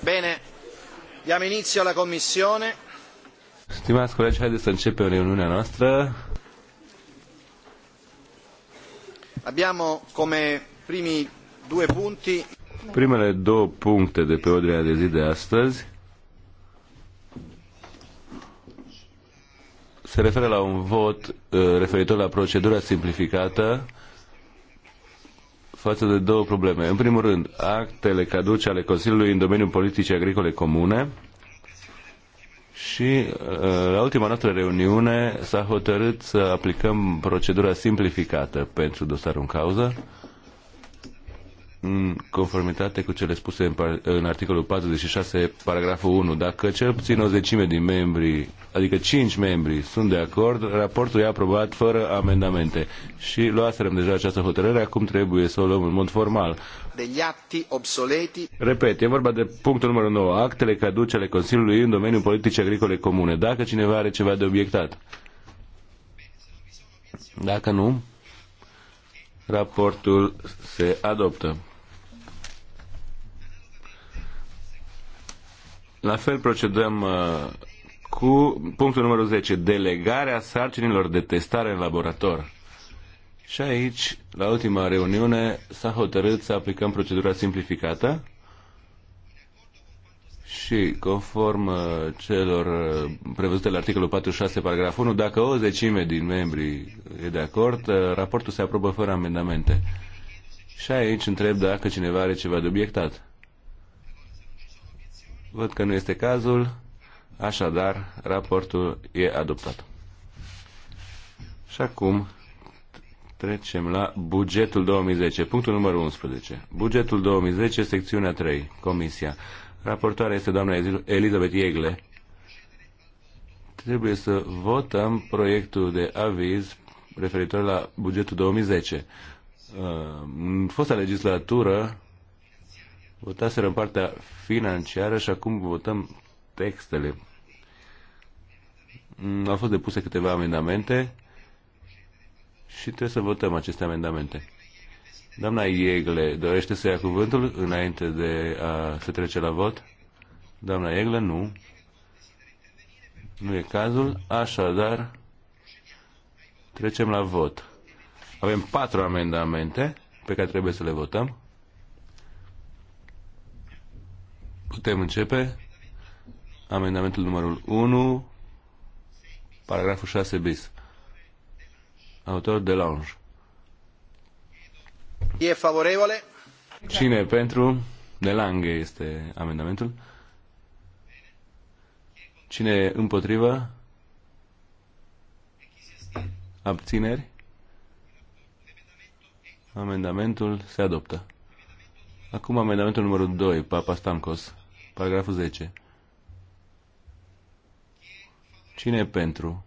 Bine, diamo inizio alla commissione. Stimați colegi, haideți să începem reuniunea noastră. Abbiamo come primi due punti. Primele două puncte de pe ordinea de zi de astăzi se referă la un vot uh, referitor la procedura simplificată față de două probleme. În primul rând, actele caduce ale Consiliului în domeniul politicii agricole comune și uh, la ultima noastră reuniune s-a hotărât să aplicăm procedura simplificată pentru dosarul în cauză în conformitate cu cele spuse în, par, în articolul 46, paragraful 1. Dacă cel puțin o zecime din membri, adică 5 membri, sunt de acord, raportul e aprobat fără amendamente. Și luaserăm deja această hotărâre, acum trebuie să o luăm în mod formal. Degli atti obsoleti. Repet, e vorba de punctul numărul 9, actele caduce ale Consiliului în domeniul politice agricole comune. Dacă cineva are ceva de obiectat. Dacă nu, raportul se adoptă. La fel procedăm uh, cu punctul numărul 10, delegarea sarcinilor de testare în laborator. Și aici, la ultima reuniune, s-a hotărât să aplicăm procedura simplificată și conform uh, celor uh, prevăzute la articolul 46, paragraf 1, dacă o zecime din membrii e de acord, raportul se aprobă fără amendamente. Și aici întreb dacă cineva are ceva de obiectat. Văd că nu este cazul, așadar raportul e adoptat. Și acum trecem la bugetul 2010, punctul numărul 11. Bugetul 2010, secțiunea 3, Comisia. Raportoarea este doamna Elizabeth Iegle. Trebuie să votăm proiectul de aviz referitor la bugetul 2010. Uh, în fosta legislatură, votaseră în partea financiară și acum votăm textele. Mm, au fost depuse câteva amendamente și trebuie să votăm aceste amendamente. Doamna Iegle dorește să ia cuvântul înainte de a se trece la vot? Doamna Iegle, nu. Nu e cazul, așadar trecem la vot. Avem patru amendamente pe care trebuie să le votăm. Putem începe. Amendamentul numărul 1, paragraful 6 bis. Autor de lounge. E favorevole? Cine pentru? De Lange este amendamentul. Cine împotrivă? Abțineri? Amendamentul se adoptă. Acum amendamentul numărul 2, Papa Stamcos. Paragraful 10. Cine e pentru?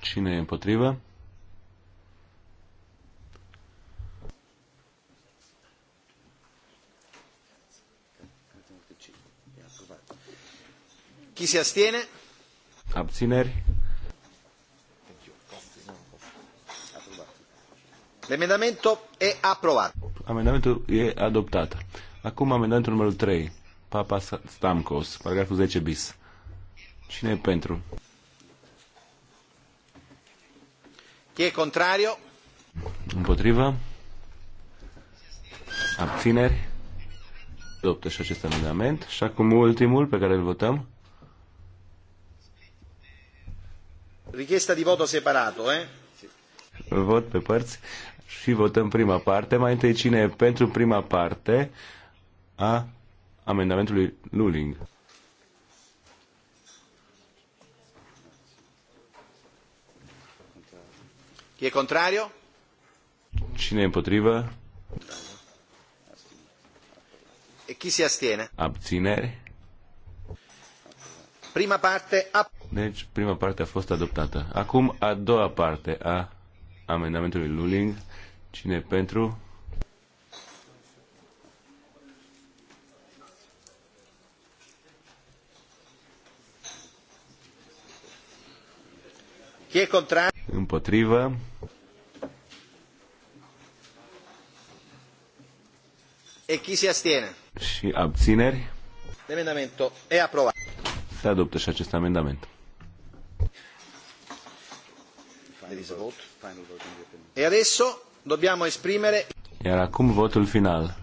Cine e împotrivă? Chi se astiene? Abțineri. L'emendamento è approvato. Amendamentul e adoptat. Acum amendamentul numărul 3. Papa Stamkos, paragraful 10 bis. Cine e pentru? Chi e contrario? Împotrivă? Abțineri? Adoptă și acest amendament. Și acum ultimul pe care îl votăm. Richiesta di voto separato, eh? Vot pe părți și votăm prima parte. Mai întâi cine e pentru prima parte a amendamentului Luling. Chi e contrario? Cine e împotrivă? E chi si astiene? Abțineri. Prima parte. A... Deci, prima parte a fost adoptată. Acum, a doua parte a amendamentului Luling. Cine pentru? Cine e contrario? Împotrivă. E chi si astiene? Și abțineri. Amendamentul e aprobat. Se adoptă și acest amendament. E adesso dobbiamo esprimere... Iar acum votul final.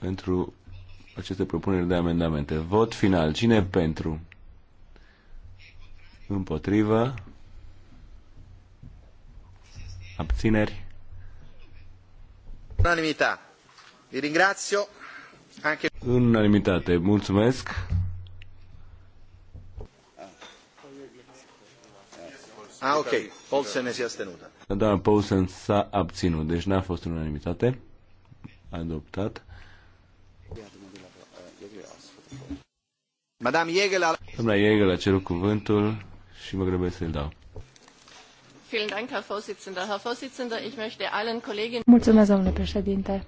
Pentru aceste propuneri de amendamente. Vot final. Cine pentru? Împotrivă? Abțineri? Unanimitate. Vi ringrazio. Anche... Unanimitate. Mulțumesc. Ah, ok. Paulsen si abstenută. Da, Paulsen s-a abținut, deci n-a fost în unanimitate. Adoptat. Madame Jägel a... Doamna Jägel a cerut cuvântul și mă grăbesc să-l dau. Mulțumesc, domnule președinte.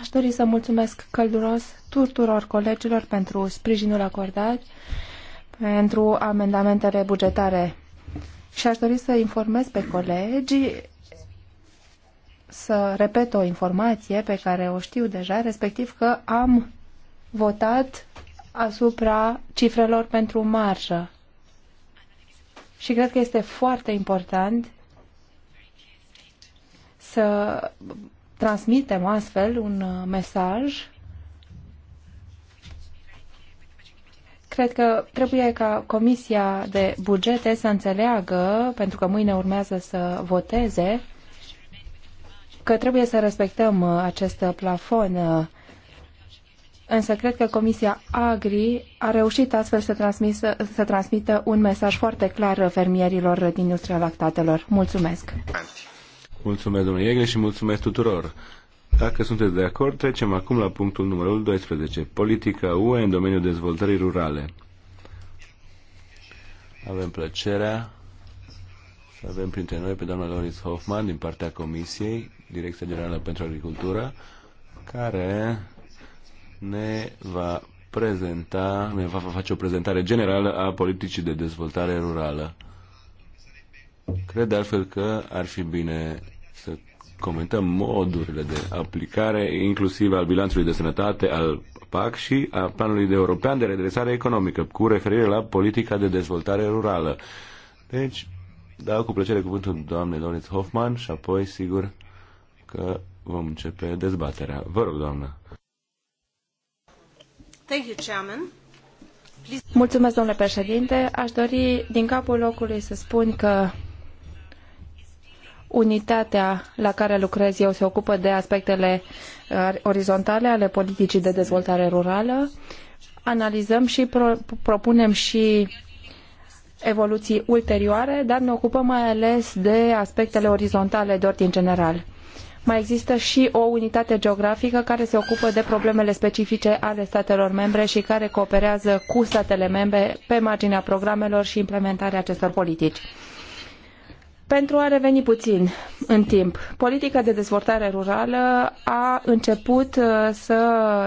Aș dori să mulțumesc călduros tuturor colegilor pentru sprijinul acordat pentru amendamentele bugetare și aș dori să informez pe colegi să repet o informație pe care o știu deja, respectiv că am votat asupra cifrelor pentru marjă. Și cred că este foarte important să transmitem astfel un mesaj Cred că trebuie ca Comisia de Bugete să înțeleagă, pentru că mâine urmează să voteze, că trebuie să respectăm uh, acest plafon. Însă cred că Comisia Agri a reușit astfel să, transmis, să transmită un mesaj foarte clar fermierilor din industria lactatelor. Mulțumesc! Mulțumesc, domnule Iegle, și mulțumesc tuturor! Dacă sunteți de acord, trecem acum la punctul numărul 12. Politica UE în domeniul dezvoltării rurale. Avem plăcerea să avem printre noi pe doamna Loris Hoffman din partea Comisiei, Direcția Generală pentru Agricultură, care ne va prezenta, ne va face o prezentare generală a politicii de dezvoltare rurală. Cred de altfel că ar fi bine să comentăm modurile de aplicare, inclusiv al bilanțului de sănătate, al PAC și a Planului de European de Redresare Economică, cu referire la politica de dezvoltare rurală. Deci, dau cu plăcere cuvântul doamnei Lorenz Hoffman și apoi, sigur, că vom începe dezbaterea. Vă rog, doamnă. Thank you, Chairman. Mulțumesc, domnule președinte. Aș dori din capul locului să spun că Unitatea la care lucrez eu se ocupă de aspectele uh, orizontale ale politicii de dezvoltare rurală. Analizăm și pro propunem și evoluții ulterioare, dar ne ocupăm mai ales de aspectele orizontale de ordin general. Mai există și o unitate geografică care se ocupă de problemele specifice ale statelor membre și care cooperează cu statele membre pe marginea programelor și implementarea acestor politici. Pentru a reveni puțin în timp, politica de dezvoltare rurală a început uh, să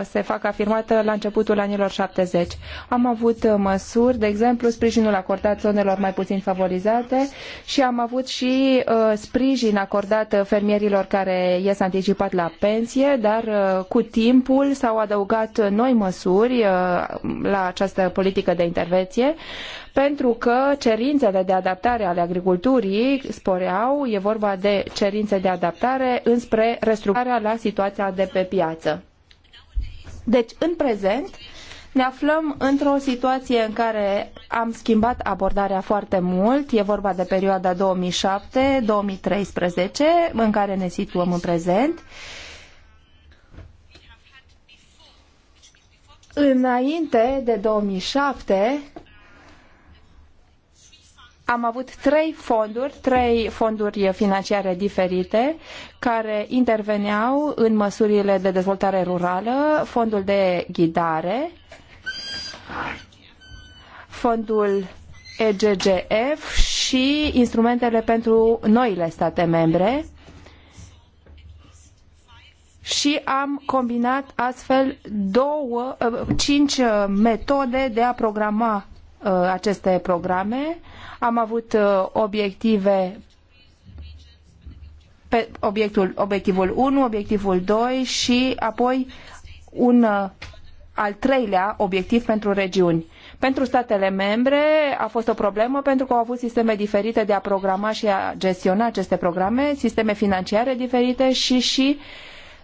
se facă afirmată la începutul anilor 70. Am avut uh, măsuri, de exemplu, sprijinul acordat zonelor mai puțin favorizate și am avut și uh, sprijin acordat fermierilor care ies anticipat la pensie, dar cu timpul s-au adăugat noi măsuri la această politică de intervenție pentru că cerințele de adaptare ale agriculturii sporeau, e vorba de cerințe de adaptare înspre restructurarea la situația de pe piață. Deci, în prezent, ne aflăm într-o situație în care am schimbat abordarea foarte mult. E vorba de perioada 2007-2013, în care ne situăm în prezent. Înainte de 2007, am avut trei fonduri, trei fonduri financiare diferite care interveneau în măsurile de dezvoltare rurală, fondul de ghidare, fondul EGGF și instrumentele pentru noile state membre și am combinat astfel două, eh, cinci metode de a programa eh, aceste programe am avut uh, obiective pe obiectul, obiectivul 1, obiectivul 2 și apoi un uh, al treilea obiectiv pentru regiuni. Pentru statele membre a fost o problemă pentru că au avut sisteme diferite de a programa și a gestiona aceste programe, sisteme financiare diferite și și uh,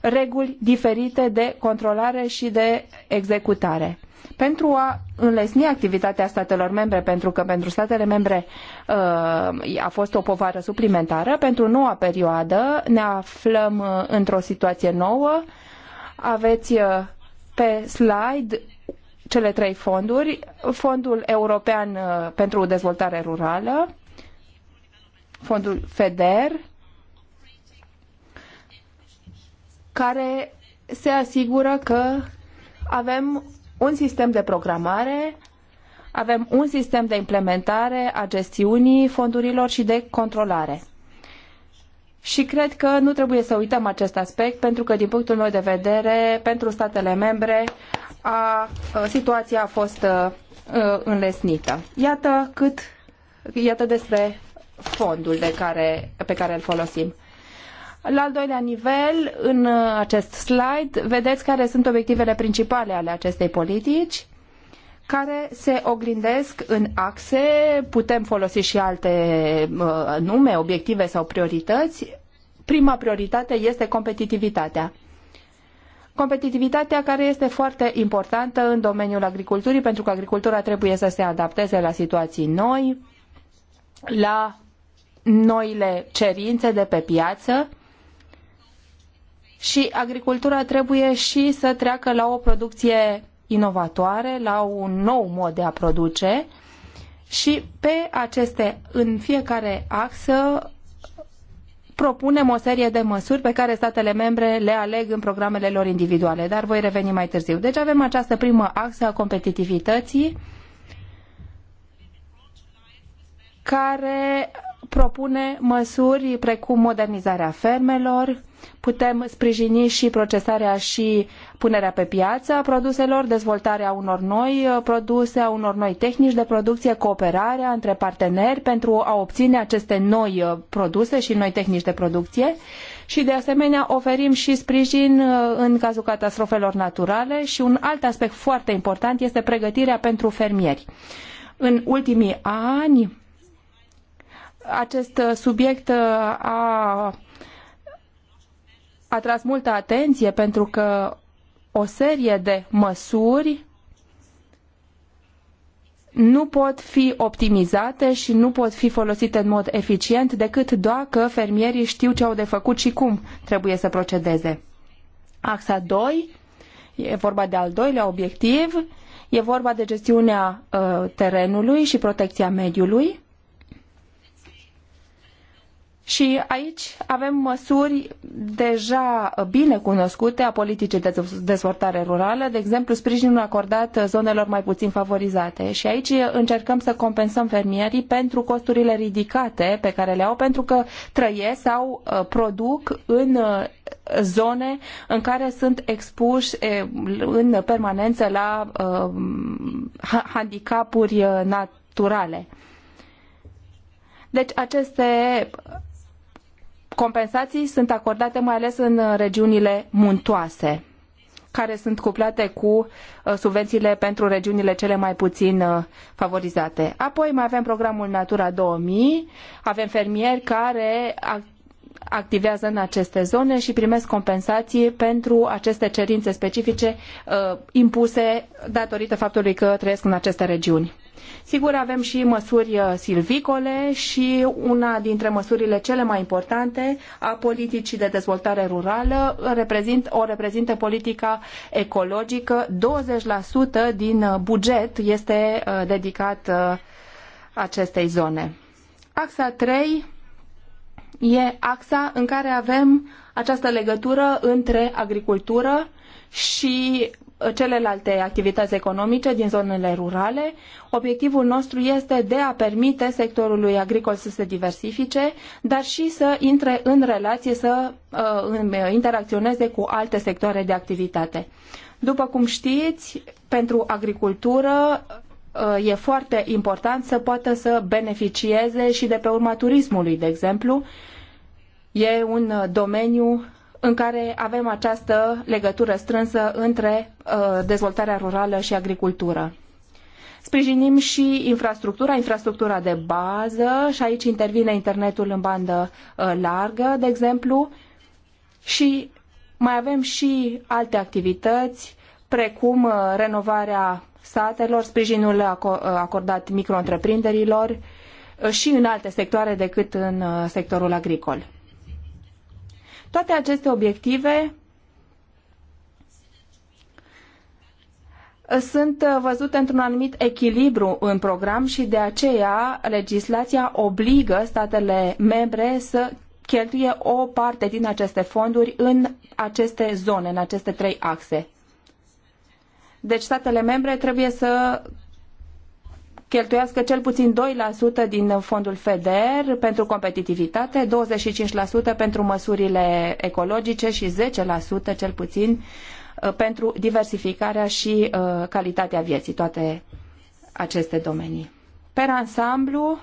reguli diferite de controlare și de executare pentru a înlesni activitatea statelor membre, pentru că pentru statele membre uh, a fost o povară suplimentară, pentru noua perioadă ne aflăm uh, într-o situație nouă. Aveți uh, pe slide cele trei fonduri. Fondul European pentru Dezvoltare Rurală, Fondul FEDER care se asigură că avem un sistem de programare, avem un sistem de implementare a gestiunii fondurilor și de controlare. Și cred că nu trebuie să uităm acest aspect, pentru că, din punctul meu de vedere, pentru statele membre, a, a situația a fost a, înlesnită. Iată cât, iată despre fondul de care, pe care îl folosim. La al doilea nivel, în uh, acest slide, vedeți care sunt obiectivele principale ale acestei politici care se oglindesc în axe, putem folosi și alte uh, nume, obiective sau priorități. Prima prioritate este competitivitatea. Competitivitatea care este foarte importantă în domeniul agriculturii, pentru că agricultura trebuie să se adapteze la situații noi, la noile cerințe de pe piață, și agricultura trebuie și să treacă la o producție inovatoare, la un nou mod de a produce și pe aceste, în fiecare axă, propunem o serie de măsuri pe care statele membre le aleg în programele lor individuale, dar voi reveni mai târziu. Deci avem această primă axă a competitivității care propune măsuri precum modernizarea fermelor, putem sprijini și procesarea și punerea pe piață a produselor, dezvoltarea unor noi uh, produse, a unor noi tehnici de producție, cooperarea între parteneri pentru a obține aceste noi uh, produse și noi tehnici de producție și de asemenea oferim și sprijin uh, în cazul catastrofelor naturale și un alt aspect foarte important este pregătirea pentru fermieri. În ultimii ani, acest uh, subiect uh, a atras multă atenție pentru că o serie de măsuri nu pot fi optimizate și nu pot fi folosite în mod eficient decât dacă fermierii știu ce au de făcut și cum trebuie să procedeze. Axa 2 e vorba de al doilea obiectiv, e vorba de gestiunea uh, terenului și protecția mediului. Și aici avem măsuri deja bine cunoscute a politicii de dezvoltare rurală, de exemplu sprijinul acordat zonelor mai puțin favorizate. Și aici încercăm să compensăm fermierii pentru costurile ridicate pe care le au pentru că trăiesc sau uh, produc în uh, zone în care sunt expuși în permanență la uh, handicapuri naturale. Deci aceste compensații sunt acordate mai ales în uh, regiunile muntoase, care sunt cuplate cu uh, subvențiile pentru regiunile cele mai puțin uh, favorizate. Apoi mai avem programul Natura 2000, avem fermieri care activează în aceste zone și primesc compensații pentru aceste cerințe specifice impuse datorită faptului că trăiesc în aceste regiuni. Sigur, avem și măsuri uh, silvicole și una dintre măsurile cele mai importante a politicii de dezvoltare rurală reprezint, o reprezintă politica ecologică. 20% din uh, buget este uh, dedicat acestei zone. Axa 3 e axa în care avem această legătură între agricultură și celelalte activități economice din zonele rurale. Obiectivul nostru este de a permite sectorului agricol să se diversifice, dar și să intre în relație, să uh, interacționeze cu alte sectoare de activitate. După cum știți, pentru agricultură uh, e foarte important să poată să beneficieze și de pe urma turismului, de exemplu. E un domeniu în care avem această legătură strânsă între uh, dezvoltarea rurală și agricultură. Sprijinim și infrastructura, infrastructura de bază și aici intervine internetul în bandă uh, largă, de exemplu, și mai avem și alte activități, precum uh, renovarea satelor, sprijinul acordat micro-întreprinderilor și în alte sectoare decât în sectorul agricol. Toate aceste obiective sunt văzute într-un anumit echilibru în program și de aceea legislația obligă statele membre să cheltuie o parte din aceste fonduri în aceste zone, în aceste trei axe. Deci statele membre trebuie să cheltuiască cel puțin 2% din fondul FEDER pentru competitivitate, 25% pentru măsurile ecologice și 10% cel puțin uh, pentru diversificarea și uh, calitatea vieții, toate aceste domenii. Per ansamblu,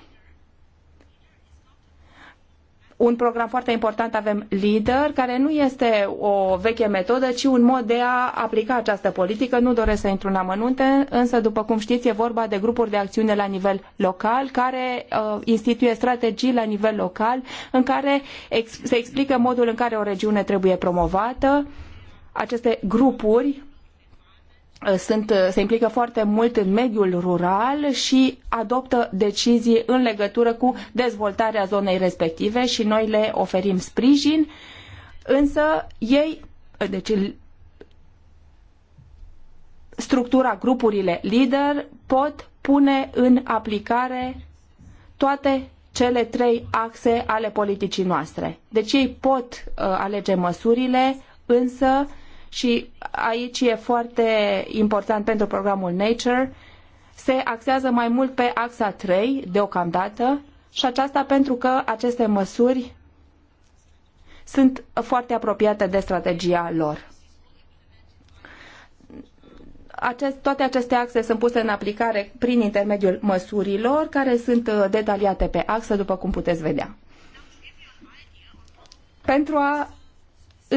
un program foarte important avem LEADER, care nu este o veche metodă, ci un mod de a aplica această politică. Nu doresc să intru în amănunte, însă, după cum știți, e vorba de grupuri de acțiune la nivel local, care uh, instituie strategii la nivel local, în care ex se explică modul în care o regiune trebuie promovată. Aceste grupuri Uh, sunt, uh, se implică foarte mult în mediul rural și adoptă decizii în legătură cu dezvoltarea zonei respective și noi le oferim sprijin, însă ei, uh, deci structura, grupurile lider pot pune în aplicare toate cele trei axe ale politicii noastre. Deci ei pot uh, alege măsurile, însă și aici e foarte important pentru programul Nature, se axează mai mult pe axa 3 deocamdată și aceasta pentru că aceste măsuri sunt foarte apropiate de strategia lor. Acest, toate aceste axe sunt puse în aplicare prin intermediul măsurilor care sunt uh, detaliate pe axă, după cum puteți vedea. Pentru a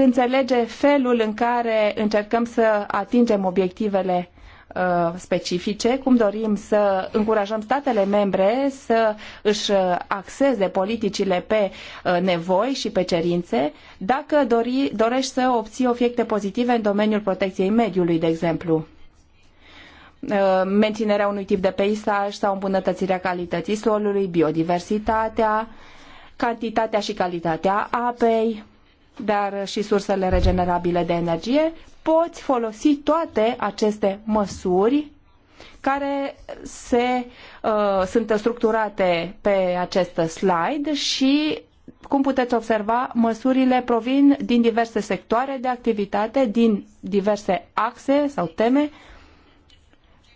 înțelege felul în care încercăm să atingem obiectivele uh, specifice, cum dorim să încurajăm statele membre să își axeze politicile pe uh, nevoi și pe cerințe, dacă dori, dorești să obții obiecte pozitive în domeniul protecției mediului, de exemplu uh, menținerea unui tip de peisaj sau îmbunătățirea calității solului, biodiversitatea, cantitatea și calitatea apei, dar uh, și sursele regenerabile de energie, poți folosi toate aceste măsuri care se, uh, sunt structurate pe acest slide și cum puteți observa, măsurile provin din diverse sectoare de activitate, din diverse axe sau teme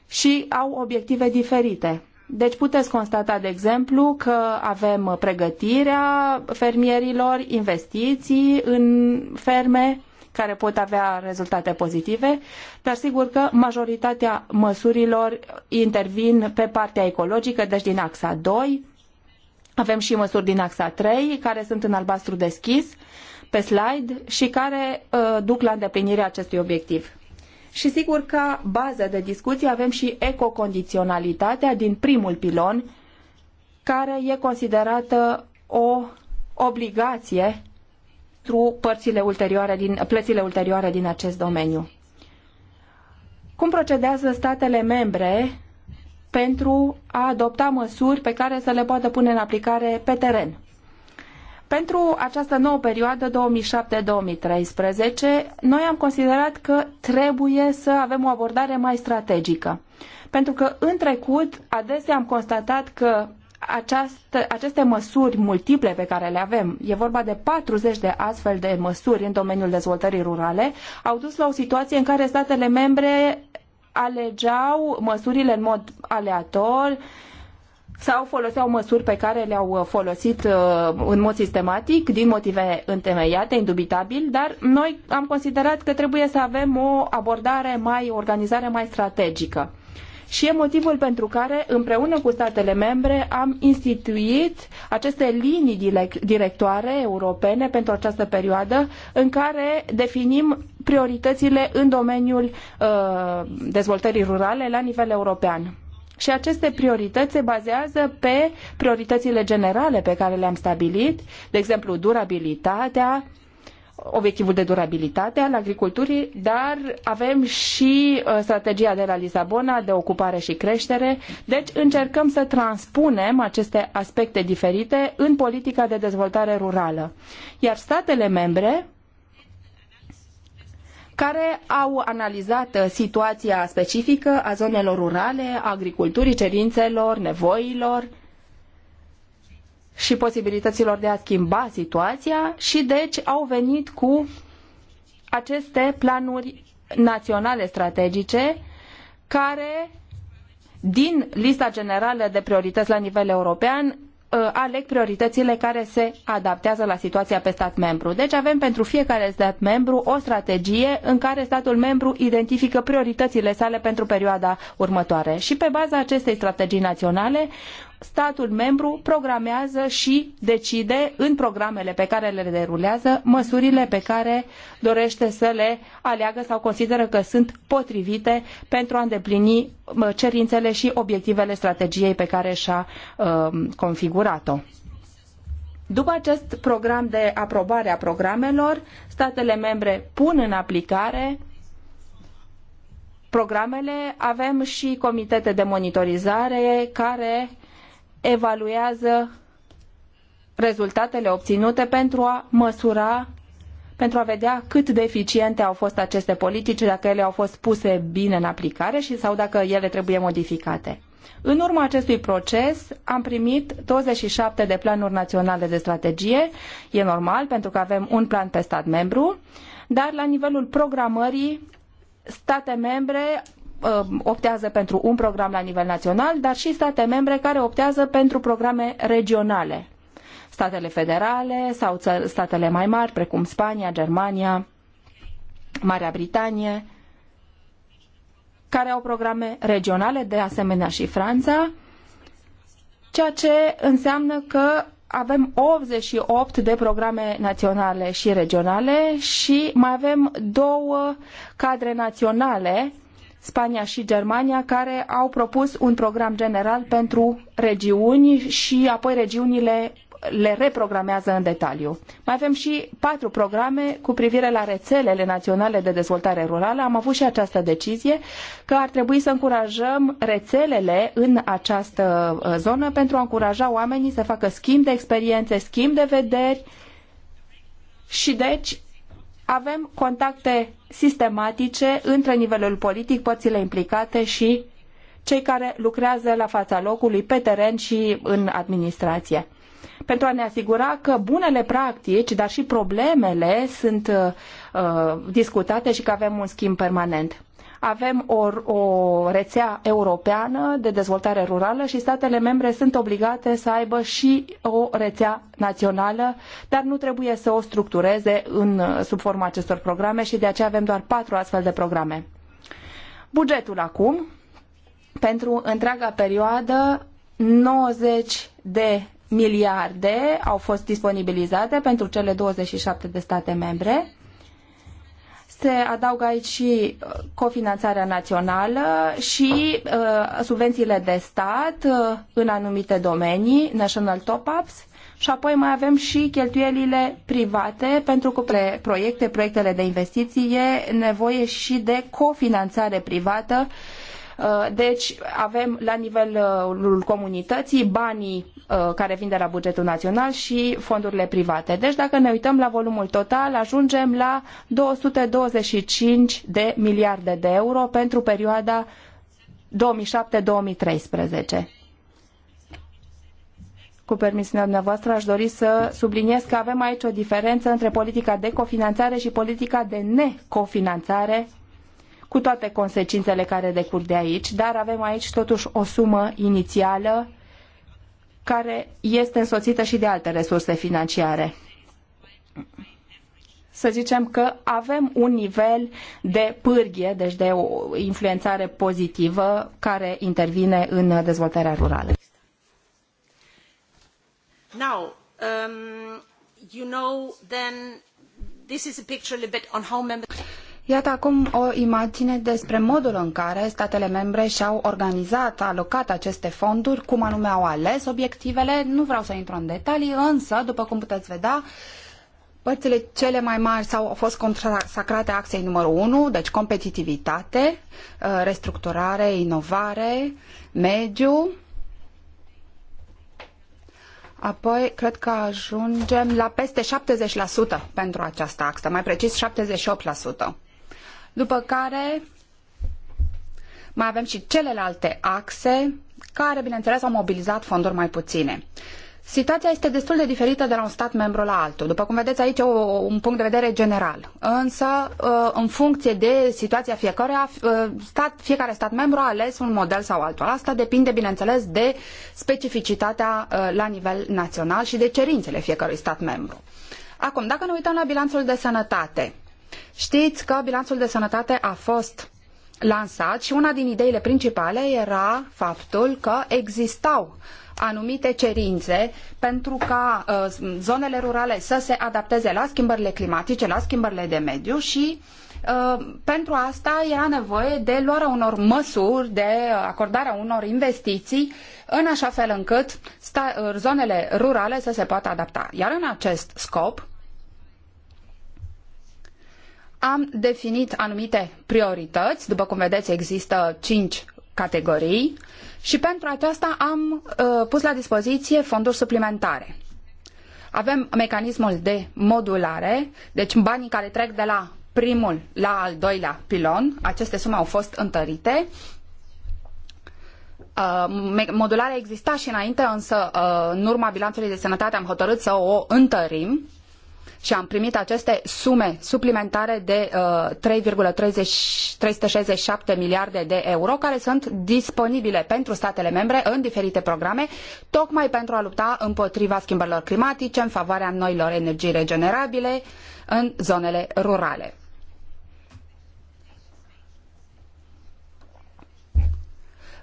și au obiective diferite. Deci puteți constata, de exemplu, că avem pregătirea fermierilor, investiții în ferme care pot avea rezultate pozitive, dar sigur că majoritatea măsurilor intervin pe partea ecologică, deci din axa 2. Avem și măsuri din axa 3, care sunt în albastru deschis pe slide și care uh, duc la îndeplinirea acestui obiectiv. Și sigur, ca bază de discuție avem și ecocondiționalitatea din primul pilon, care e considerată o obligație pentru părțile ulterioare din, plățile ulterioare din acest domeniu. Cum procedează statele membre pentru a adopta măsuri pe care să le poată pune în aplicare pe teren? Pentru această nouă perioadă 2007-2013, noi am considerat că trebuie să avem o abordare mai strategică. Pentru că în trecut adesea am constatat că această, aceste măsuri multiple pe care le avem, e vorba de 40 de astfel de măsuri în domeniul dezvoltării rurale, au dus la o situație în care statele membre alegeau măsurile în mod aleator, uh, sau foloseau măsuri pe care le-au uh, folosit uh, în mod sistematic, din motive întemeiate, indubitabil, dar noi am considerat că trebuie să avem o abordare mai, o organizare mai strategică. Și e motivul pentru care, împreună cu statele membre, am instituit aceste linii directoare europene pentru această perioadă, în care definim prioritățile în domeniul uh, dezvoltării rurale la nivel european și aceste priorități se bazează pe prioritățile generale pe care le-am stabilit, de exemplu durabilitatea, obiectivul de durabilitate al agriculturii, dar avem și uh, strategia de la Lisabona de ocupare și creștere. Deci încercăm să transpunem aceste aspecte diferite în politica de dezvoltare rurală. Iar statele membre care au analizat uh, situația specifică a zonelor rurale, a agriculturii, cerințelor, nevoilor și posibilităților de a schimba situația și deci au venit cu aceste planuri naționale strategice care din lista generală de priorități la nivel european Uh, aleg prioritățile care se adaptează la situația pe stat membru. Deci avem pentru fiecare stat membru o strategie în care statul membru identifică prioritățile sale pentru perioada următoare. Și pe baza acestei strategii naționale statul membru programează și decide în programele pe care le derulează măsurile pe care dorește să le aleagă sau consideră că sunt potrivite pentru a îndeplini cerințele și obiectivele strategiei pe care și-a uh, configurat-o. După acest program de aprobare a programelor, statele membre pun în aplicare programele, avem și comitete de monitorizare care evaluează rezultatele obținute pentru a măsura, pentru a vedea cât de eficiente au fost aceste politici, dacă ele au fost puse bine în aplicare și sau dacă ele trebuie modificate. În urma acestui proces am primit 27 de planuri naționale de strategie. E normal pentru că avem un plan pe stat membru, dar la nivelul programării state membre Uh, optează pentru un program la nivel național, dar și state membre care optează pentru programe regionale. Statele federale sau statele mai mari, precum Spania, Germania, Marea Britanie, care au programe regionale, de asemenea și Franța, ceea ce înseamnă că avem 88 de programe naționale și regionale și mai avem două cadre naționale uh, Spania și Germania, care au propus un program general pentru regiuni și apoi regiunile le reprogramează în detaliu. Mai avem și patru programe cu privire la rețelele naționale de dezvoltare rurală. Am avut și această decizie că ar trebui să încurajăm rețelele în această uh, zonă pentru a încuraja oamenii să facă schimb de experiențe, schimb de vederi și deci avem contacte sistematice între nivelul politic, părțile implicate și cei care lucrează la fața locului, pe teren și în administrație. Pentru a ne asigura că bunele practici, dar și problemele sunt uh, discutate și că avem un schimb permanent avem o, o rețea europeană de dezvoltare rurală și statele membre sunt obligate să aibă și o rețea națională, dar nu trebuie să o structureze în, sub forma acestor programe și de aceea avem doar patru astfel de programe. Bugetul acum, pentru întreaga perioadă, 90 de miliarde au fost disponibilizate pentru cele 27 de state membre se adaugă aici și uh, cofinanțarea națională și uh, subvențiile de stat uh, în anumite domenii, national top-ups, și apoi mai avem și cheltuielile private pentru că pe proiecte, proiectele de investiții e nevoie și de cofinanțare privată uh, Uh, deci avem la nivelul comunității banii uh, care vin de la bugetul național și fondurile private. Deci dacă ne uităm la volumul total, ajungem la 225 de miliarde de euro pentru perioada 2007-2013. Cu permisiunea dumneavoastră, aș dori să subliniez că avem aici o diferență între politica de cofinanțare și politica de necofinanțare cu toate consecințele care decurg de aici, dar avem aici totuși o sumă inițială care este însoțită și de alte resurse financiare. Să zicem că avem un nivel de pârghie, deci de o influențare pozitivă care intervine în dezvoltarea rurală. Now, um, you know, then this is a picture a bit on how Iată acum o imagine despre modul în care statele membre și-au organizat, alocat aceste fonduri, cum anume au ales obiectivele. Nu vreau să intru în detalii, însă, după cum puteți vedea, părțile cele mai mari s-au fost consacrate axei numărul 1, deci competitivitate, uh, restructurare, inovare, mediu. Apoi, cred că ajungem la peste 70% pentru această axă, mai precis 78% după care mai avem și celelalte axe care, bineînțeles, au mobilizat fonduri mai puține. Situația este destul de diferită de la un stat membru la altul. După cum vedeți aici, o, un punct de vedere general. Însă, uh, în funcție de situația fiecăruia, uh, stat, fiecare stat membru a ales un model sau altul. Asta depinde, bineînțeles, de specificitatea uh, la nivel național și de cerințele fiecărui stat membru. Acum, dacă ne uităm la bilanțul de sănătate, Știți că bilanțul de sănătate a fost lansat și una din ideile principale era faptul că existau anumite cerințe pentru ca uh, zonele rurale să se adapteze la schimbările climatice, la schimbările de mediu și uh, pentru asta era nevoie de luarea unor măsuri, de acordarea unor investiții, în așa fel încât uh, zonele rurale să se poată adapta. Iar în acest scop, am definit anumite priorități, după cum vedeți există cinci categorii și pentru aceasta am uh, pus la dispoziție fonduri suplimentare. Avem mecanismul de modulare, deci banii care trec de la primul la al doilea pilon, aceste sume au fost întărite. Uh, modularea exista și înainte, însă uh, în urma bilanțului de sănătate am hotărât să o întărim și am primit aceste sume suplimentare de uh, 3,367 miliarde de euro care sunt disponibile pentru statele membre în diferite programe, tocmai pentru a lupta împotriva schimbărilor climatice, în favoarea noilor energii regenerabile în zonele rurale.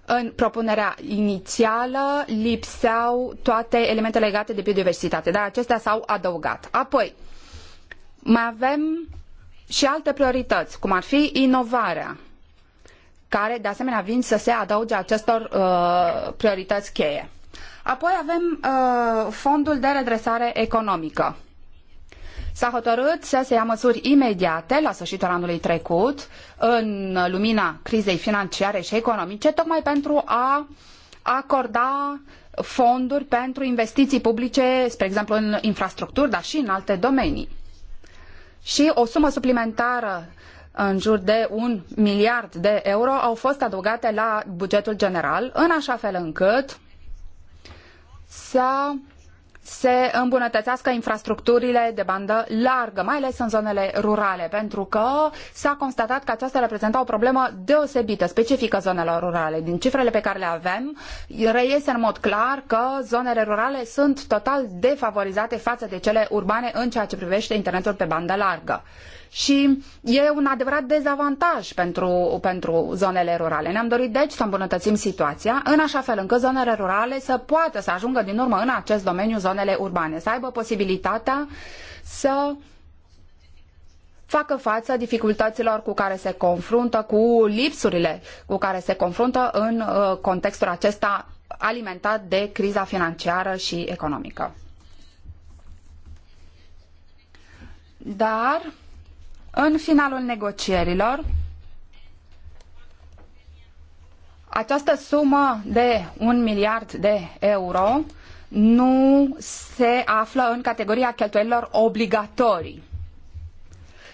În propunerea inițială lipseau toate elementele legate de biodiversitate, dar acestea s-au adăugat. Apoi, mai avem și alte priorități, cum ar fi inovarea, care de asemenea vin să se adauge acestor uh, priorități cheie. Apoi avem uh, fondul de redresare economică. S-a hotărât să se ia măsuri imediate la sfârșitul anului trecut, în lumina crizei financiare și economice, tocmai pentru a acorda fonduri pentru investiții publice, spre exemplu în infrastructuri, dar și în alte domenii. Și o sumă suplimentară în jur de un miliard de euro au fost adăugate la bugetul general, în așa fel încât să se îmbunătățească infrastructurile de bandă largă, mai ales în zonele rurale, pentru că s-a constatat că aceasta reprezenta o problemă deosebită, specifică zonelor rurale. Din cifrele pe care le avem, reiese în mod clar că zonele rurale sunt total defavorizate față de cele urbane în ceea ce privește internetul pe bandă largă și e un adevărat dezavantaj pentru, pentru zonele rurale. Ne-am dorit deci să îmbunătățim situația în așa fel încât zonele rurale să poată să ajungă din urmă în acest domeniu zonele urbane, să aibă posibilitatea să facă față dificultăților cu care se confruntă, cu lipsurile cu care se confruntă în uh, contextul acesta alimentat de criza financiară și economică. Dar în finalul negocierilor, această sumă de un miliard de euro nu se află în categoria cheltuielilor obligatorii.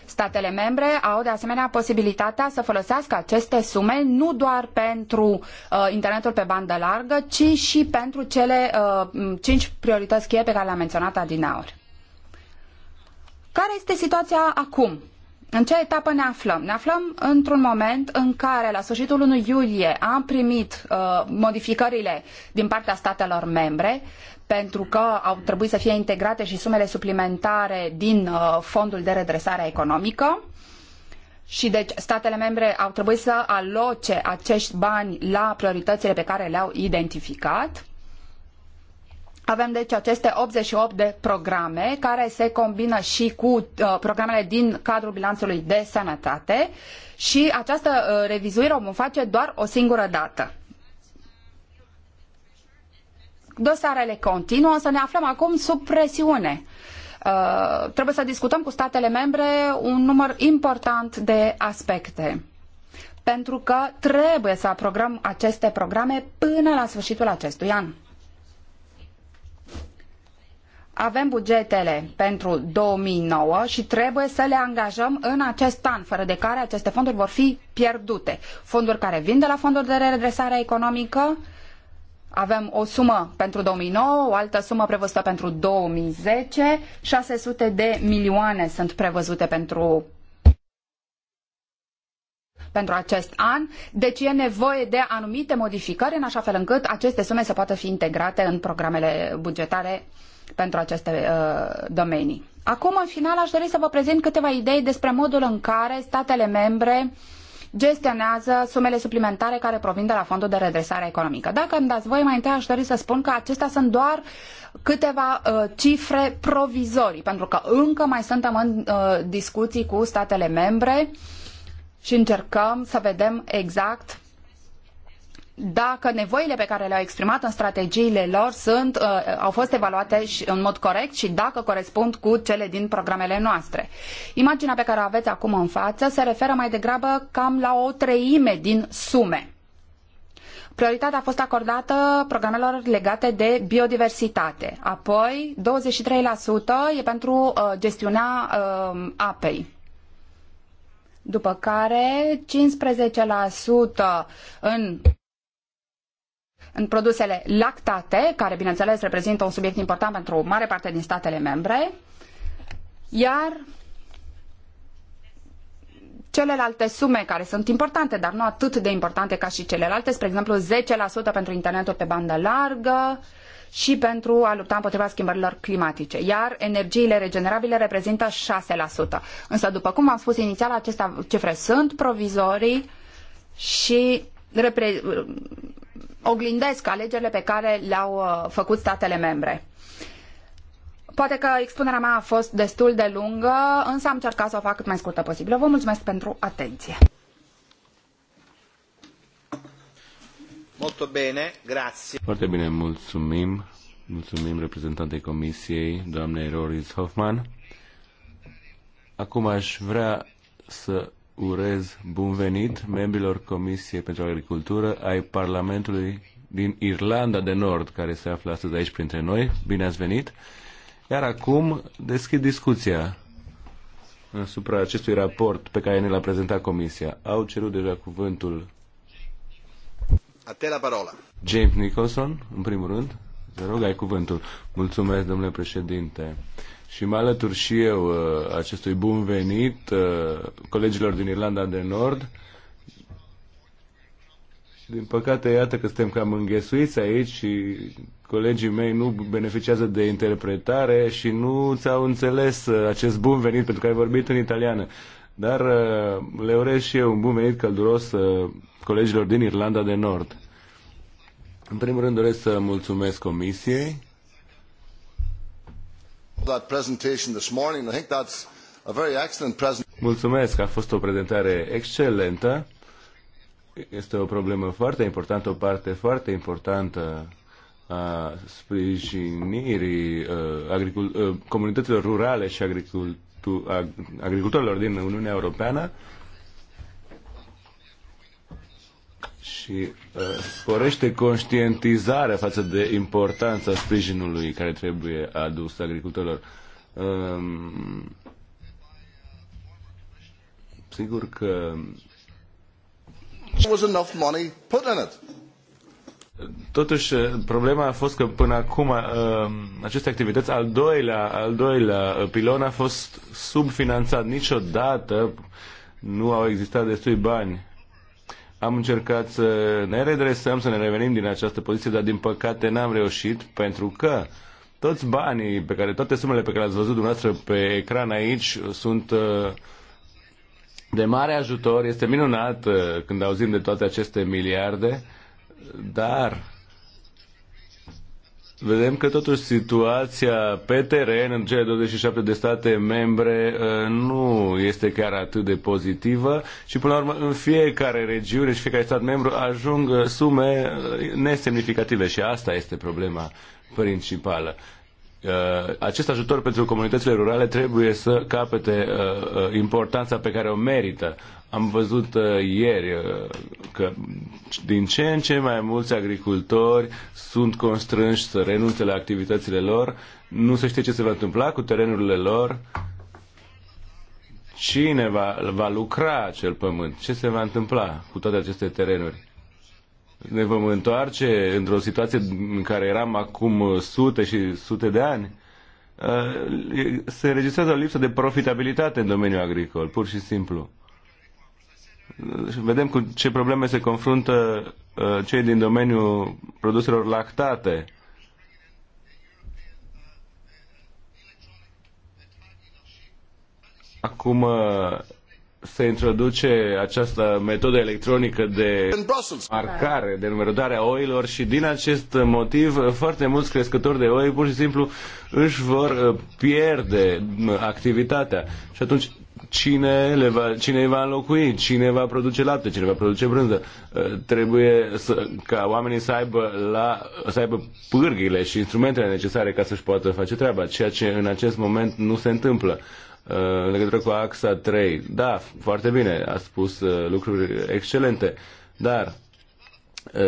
Statele membre au de asemenea posibilitatea să folosească aceste sume nu doar pentru uh, internetul pe bandă largă, ci și pentru cele uh, cinci priorități cheie pe care le a menționat Adinaur. Care este situația acum? În ce etapă ne aflăm? Ne aflăm într-un moment în care, la sfârșitul lunii iulie, am primit uh, modificările din partea statelor membre, pentru că au trebuit să fie integrate și sumele suplimentare din uh, fondul de redresare economică. Și deci statele membre au trebuit să aloce acești bani la prioritățile pe care le-au identificat. Avem deci aceste 88 de programe care se combină și cu uh, programele din cadrul bilanțului de sănătate și această uh, revizuire o vom face doar o singură dată. Dosarele continuă, însă ne aflăm acum sub presiune. Uh, trebuie să discutăm cu statele membre un număr important de aspecte pentru că trebuie să aprobăm aceste programe până la sfârșitul acestui an avem bugetele pentru 2009 și trebuie să le angajăm în acest an, fără de care aceste fonduri vor fi pierdute. Fonduri care vin de la fonduri de redresare economică, avem o sumă pentru 2009, o altă sumă prevăzută pentru 2010, 600 de milioane sunt prevăzute pentru pentru acest an, deci e nevoie de anumite modificări în așa fel încât aceste sume să poată fi integrate în programele bugetare uh, pentru aceste uh, domenii. Acum, în final, aș dori să vă prezint câteva idei despre modul în care statele membre gestionează sumele suplimentare care provin de la Fondul de Redresare Economică. Dacă îmi dați voi, mai întâi aș dori să spun că acestea sunt doar câteva uh, cifre provizorii, pentru că încă mai suntem în uh, discuții cu statele membre și încercăm să vedem exact dacă nevoile pe care le-au exprimat în strategiile lor sunt, uh, au fost evaluate și, în mod corect și dacă corespund cu cele din programele noastre. Imaginea pe care o aveți acum în față se referă mai degrabă cam la o treime din sume. Prioritatea a fost acordată programelor legate de biodiversitate, apoi 23% e pentru uh, gestiunea uh, apei după care 15% în în produsele lactate, care bineînțeles reprezintă un subiect important pentru o mare parte din statele membre, iar celelalte sume care sunt importante, dar nu atât de importante ca și celelalte, spre exemplu 10% pentru internetul pe bandă largă și pentru a lupta împotriva schimbărilor climatice. Iar energiile regenerabile reprezintă 6%. Însă, după cum am spus inițial, aceste cifre sunt provizorii și oglindesc alegerile pe care le-au uh, făcut statele membre. Poate că expunerea mea a fost destul de lungă, însă am încercat să o fac cât mai scurtă posibil. Vă mulțumesc pentru atenție. Molto bene, grazie. Foarte bine, mulțumim. Mulțumim reprezentantei Comisiei, doamnei Roris Hoffman. Acum aș vrea să urez bun venit membrilor Comisiei pentru Agricultură ai Parlamentului din Irlanda de Nord, care se află astăzi aici printre noi. Bine ați venit! Iar acum deschid discuția asupra acestui raport pe care ne l-a prezentat Comisia. Au cerut deja cuvântul a la parola. James Nicholson, în primul rând. Te rog, ai cuvântul. Mulțumesc, domnule președinte și mă alătur și eu uh, acestui bun venit uh, colegilor din Irlanda de Nord. Din păcate, iată că suntem cam înghesuiți aici și colegii mei nu beneficiază de interpretare și nu ți-au înțeles uh, acest bun venit pentru că ai vorbit în italiană. Dar le urez și eu un bun venit călduros colegilor din Irlanda de Nord. În primul rând doresc să mulțumesc comisiei Mulțumesc, a fost o prezentare excelentă. Este o problemă foarte importantă, o parte foarte importantă a sprijinirii uh, agricul, uh, comunităților rurale și agricultorilor din Uniunea Europeană și uh, sporește conștientizarea față de importanța sprijinului care trebuie adus agricultorilor. uh, sigur că was enough money put in it. Totuși, uh, problema a fost că până acum uh, aceste activități, al doilea, al doilea uh, pilon a fost subfinanțat. Niciodată nu au existat destui bani am încercat să ne redresăm, să ne revenim din această poziție, dar din păcate n-am reușit pentru că toți banii pe care, toate sumele pe care le-ați văzut dumneavoastră pe ecran aici sunt uh, de mare ajutor. Este minunat uh, când auzim de toate aceste miliarde, dar vedem că totuși situația pe teren în cele 27 de state membre uh, nu este chiar atât de pozitivă și până la urmă în fiecare regiune și fiecare stat membru ajung uh, sume uh, nesemnificative și asta este problema principală acest ajutor pentru comunitățile rurale trebuie să capete importanța pe care o merită. Am văzut uh, ieri uh, că din ce în ce mai mulți agricultori sunt constrânși să renunțe la activitățile lor, nu se știe ce se va întâmpla cu terenurile lor, cine va, va lucra acel pământ, ce se va întâmpla cu toate aceste terenuri ne vom întoarce într-o situație în care eram acum uh, sute și sute de ani, se înregistrează o lipsă de profitabilitate în domeniul agricol, pur și simplu vedem cu ce probleme se confruntă uh, cei din domeniul produselor lactate. Acum uh, se introduce această metodă electronică de marcare, de numerodare a oilor și din acest motiv uh, foarte mulți crescători de oi pur și simplu își vor pierde activitatea. Și atunci cine, le va, cine îi va înlocui, cine va produce lapte, cine va produce brânză. Uh, trebuie să, ca oamenii să aibă, la, să aibă pârghile și instrumentele necesare ca să-și poată face treaba, ceea ce în acest moment nu se întâmplă. Uh, în legătură cu AXA 3, da, foarte bine, a spus uh, lucruri excelente, dar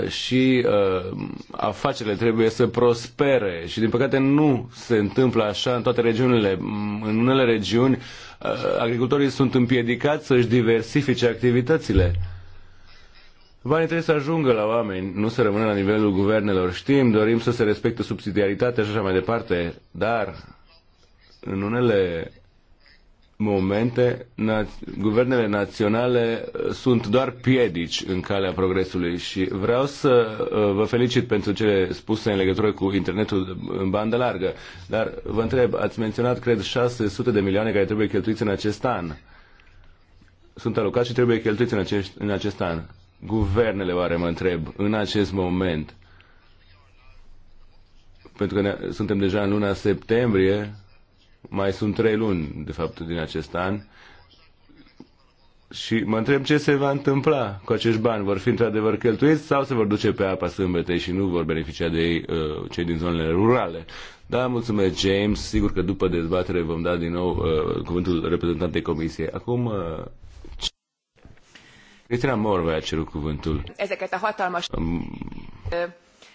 și uh, afacerile trebuie să prospere și din păcate nu se întâmplă așa în toate regiunile. În unele regiuni uh, agricultorii sunt împiedicați să-și diversifice activitățile. Banii trebuie să ajungă la oameni, nu să rămână la nivelul guvernelor. Știm, dorim să se respecte subsidiaritatea și așa mai departe, dar în unele momente, na- guvernele naționale uh, sunt doar piedici în calea progresului și vreau să uh, vă felicit pentru cele spuse în legătură cu internetul în bandă largă. Dar vă întreb, ați menționat, cred, 600 de milioane care trebuie cheltuiți în acest an. Sunt alocați și trebuie cheltuiți în acest, în acest an. Guvernele, oare mă întreb, în acest moment, pentru că ne, suntem deja în luna septembrie, mai sunt trei luni, de fapt, din acest an. Și mă întreb ce se va întâmpla cu acești bani. Vor fi într-adevăr cheltuiți sau se vor duce pe apa sâmbetei și nu vor beneficia de ei uh, cei din zonele rurale? Da, mulțumesc, James. Sigur că după dezbatere vom da din nou uh, cuvântul reprezentantei comisiei. Acum, uh, Mor Morvai a cerut cuvântul. Ezeket a hatalmas um,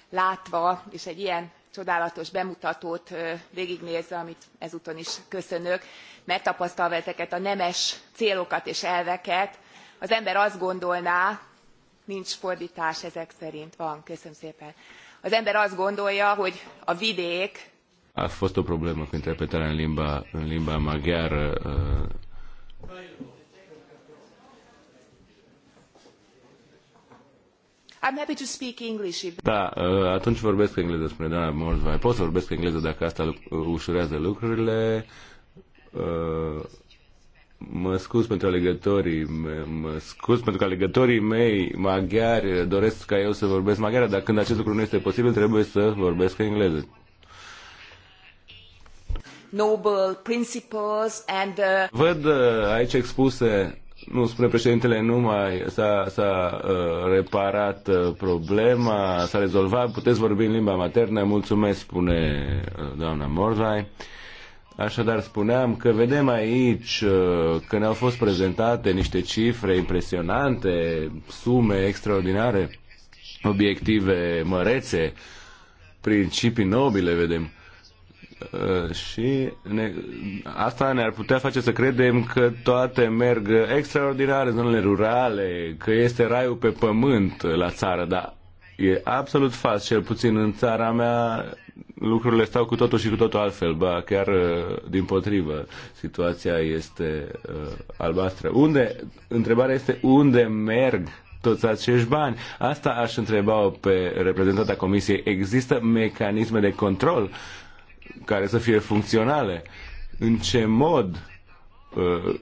látva, és egy ilyen csodálatos bemutatót végignézve amit ezúton is köszönök megtapasztalva ezeket a nemes célokat és elveket az ember azt gondolná nincs fordtás ezek szerint van köszönöm szépen az ember azt gondolja hogy a vidék a fost o problemă cu interpretarea în limba, în limba maghiară I'm happy to speak English. Da, uh, atunci vorbesc engleză, spune doamna Morzvai. Pot să vorbesc engleză dacă asta ușurează lucrurile. Uh, mă scuz pentru alegătorii, mă scuz pentru că alegătorii mei maghiari doresc ca eu să vorbesc maghiară, dar când acest lucru nu este posibil, trebuie să vorbesc engleză. Noble principles and... Uh, Văd aici expuse nu, spune președintele, nu mai s-a, s-a uh, reparat uh, problema, s-a rezolvat, puteți vorbi în limba maternă, mulțumesc, spune uh, doamna Morvai. Așadar, spuneam că vedem aici uh, că ne-au fost prezentate niște cifre impresionante, sume extraordinare, obiective mărețe, principii nobile, vedem. Uh, și ne, asta ne-ar putea face să credem că toate merg extraordinar în zonele rurale, că este raiul pe pământ la țară, dar e absolut fals, cel puțin în țara mea lucrurile stau cu totul și cu totul altfel, ba chiar uh, din potrivă situația este uh, albastră. Unde, întrebarea este unde merg toți acești bani. Asta aș întreba pe reprezentanta Comisiei. Există mecanisme de control uh, care să fie funcționale. În ce mod uh,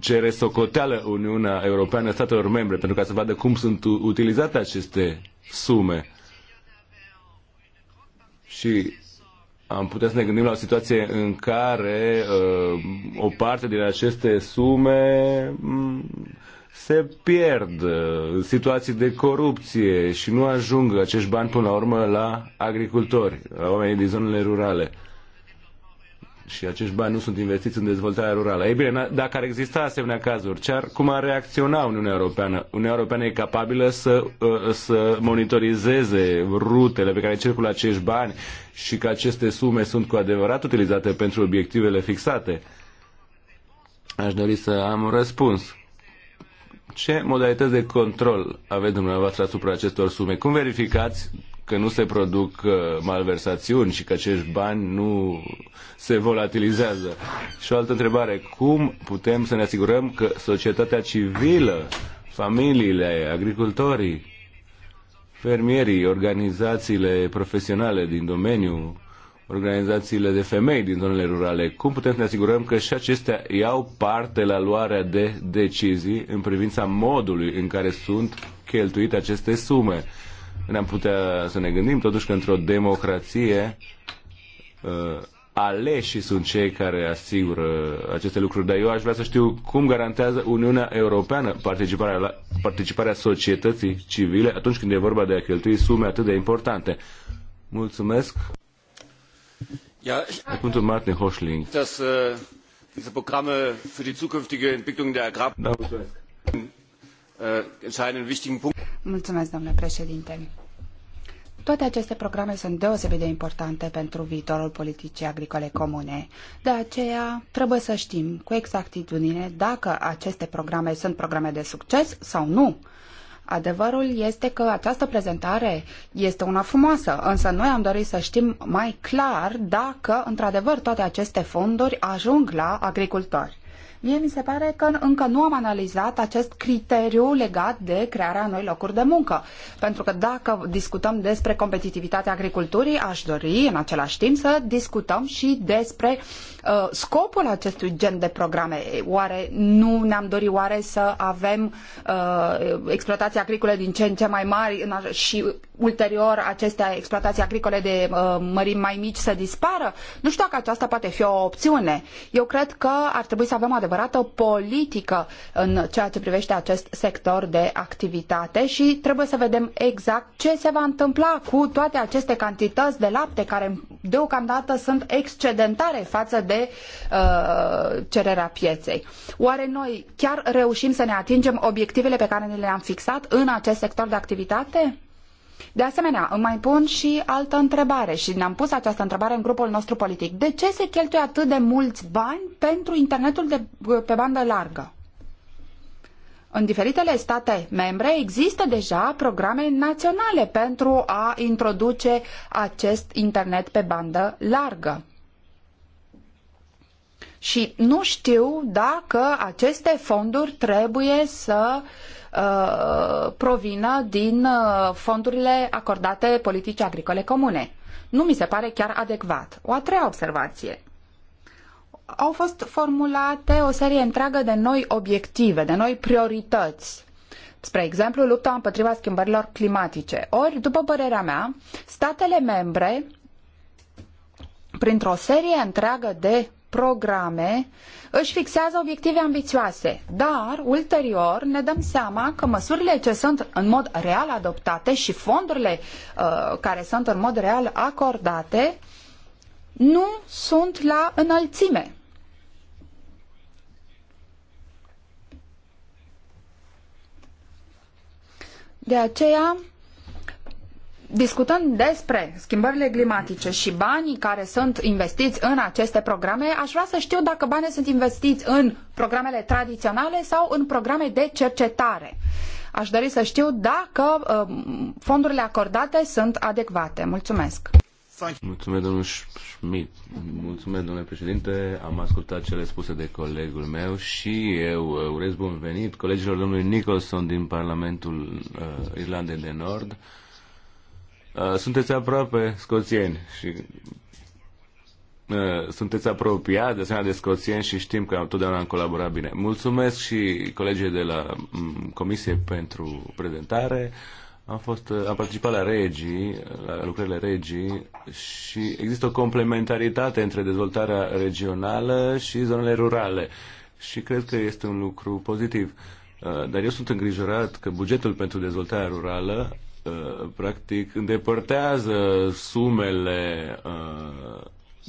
cere socoteală Uniunea Europeană statelor membre pentru ca să vadă cum sunt utilizate aceste sume. Și am putea să ne gândim la o situație în care uh, o parte din aceste sume mm, se pierd în uh, situații de corupție și nu ajung acești bani până la urmă la agricultori, la oamenii din zonele rurale. Și acești bani nu sunt investiți în dezvoltarea rurală. Ei bine, dacă ar exista asemenea cazuri, ce ar, cum ar reacționa Uniunea Europeană? Uniunea Europeană e capabilă să, uh, să monitorizeze rutele pe care circulă acești bani și că aceste sume sunt cu adevărat utilizate pentru obiectivele fixate? Aș dori să am răspuns ce modalități de control aveți dumneavoastră asupra acestor sume? Cum verificați că nu se produc uh, malversațiuni și că acești bani nu se volatilizează? Și o altă întrebare, cum putem să ne asigurăm că societatea civilă, familiile, agricultorii, fermierii, organizațiile profesionale din domeniu organizațiile de femei din zonele rurale. Cum putem să ne asigurăm că și acestea iau parte la luarea de decizii în privința modului în care sunt cheltuite aceste sume? Ne-am putea să ne gândim totuși că într-o democrație uh, aleșii sunt cei care asigură aceste lucruri, dar eu aș vrea să știu cum garantează Uniunea Europeană participarea, la, participarea societății civile atunci când e vorba de a cheltui sume atât de importante. Mulțumesc! Ja, Martin Dass, äh, diese Programme für die zukünftige Entwicklung der da äh, domnule președinte. Toate aceste programe sunt deosebit de importante pentru viitorul politicii agricole comune. De aceea, trebuie să știm cu exactitudine dacă aceste programe sunt programe de succes sau nu. Adevărul este că această prezentare este una frumoasă, însă noi am dorit să știm mai clar dacă, într-adevăr, toate aceste fonduri ajung la agricultori. Mie mi se pare că încă nu am analizat acest criteriu legat de crearea noi locuri de muncă. Pentru că dacă discutăm despre competitivitatea agriculturii, aș dori în același timp să discutăm și despre uh, scopul acestui gen de programe. Oare nu ne-am dorit oare să avem uh, exploatații agricole din ce în ce mai mari și ulterior aceste exploatații agricole de uh, mărimi mai mici să dispară? Nu știu dacă aceasta poate fi o opțiune. Eu cred că ar trebui să avem o adevărată politică în ceea ce privește acest sector de activitate și trebuie să vedem exact ce se va întâmpla cu toate aceste cantități de lapte care deocamdată sunt excedentare față de uh, cererea pieței. Oare noi chiar reușim să ne atingem obiectivele pe care ne le-am fixat în acest sector de activitate? De asemenea, îmi mai pun și altă întrebare și ne-am pus această întrebare în grupul nostru politic. De ce se cheltuie atât de mulți bani pentru internetul de, pe bandă largă? În diferitele state membre există deja programe naționale pentru a introduce acest internet pe bandă largă. Și nu știu dacă aceste fonduri trebuie să uh, Uh, provină din uh, fondurile acordate politicii agricole comune. Nu mi se pare chiar adecvat. O a treia observație. Au fost formulate o serie întreagă de noi obiective, de noi priorități spre exemplu, lupta împotriva schimbărilor climatice. Ori, după părerea mea, statele membre, printr-o serie întreagă de programe își fixează obiective ambițioase, dar ulterior ne dăm seama că măsurile ce sunt în mod real adoptate și fondurile uh, care sunt în mod real acordate nu sunt la înălțime. De aceea, discutând despre schimbările climatice și banii care sunt investiți în aceste programe, aș vrea să știu dacă banii sunt investiți în programele tradiționale sau în programe de cercetare. Aș dori să știu dacă um, fondurile acordate sunt adecvate. Mulțumesc! Mulțumesc, domnul Schmidt. Mulțumesc, domnule președinte. Am ascultat cele spuse de colegul meu și eu uh, urez bun venit colegilor domnului Nicholson din Parlamentul uh, Irlandei de Nord Uh, sunteți aproape scoțieni și uh, sunteți apropiat de asemenea de scoțieni și știm că totdeauna am colaborat bine. Mulțumesc și colegii de la mm, Comisie pentru prezentare. Am, fost, uh, am participat la regii, la lucrările regii și există o complementaritate între dezvoltarea regională și zonele rurale și cred că este un lucru pozitiv. Dar eu sunt îngrijorat că bugetul pentru dezvoltarea rurală Uh, practic îndepărtează sumele uh,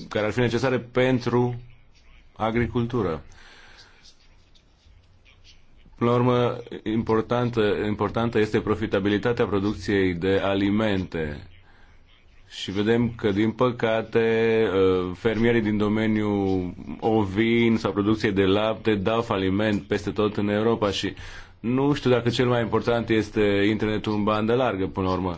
care ar fi necesare pentru agricultură. Până la urmă, importantă, importantă este profitabilitatea producției de alimente. Și vedem că, din păcate, uh, fermierii din domeniul ovin sau producției de lapte dau faliment peste tot în Europa și nu știu dacă cel mai important este internetul în bandă largă, până la urmă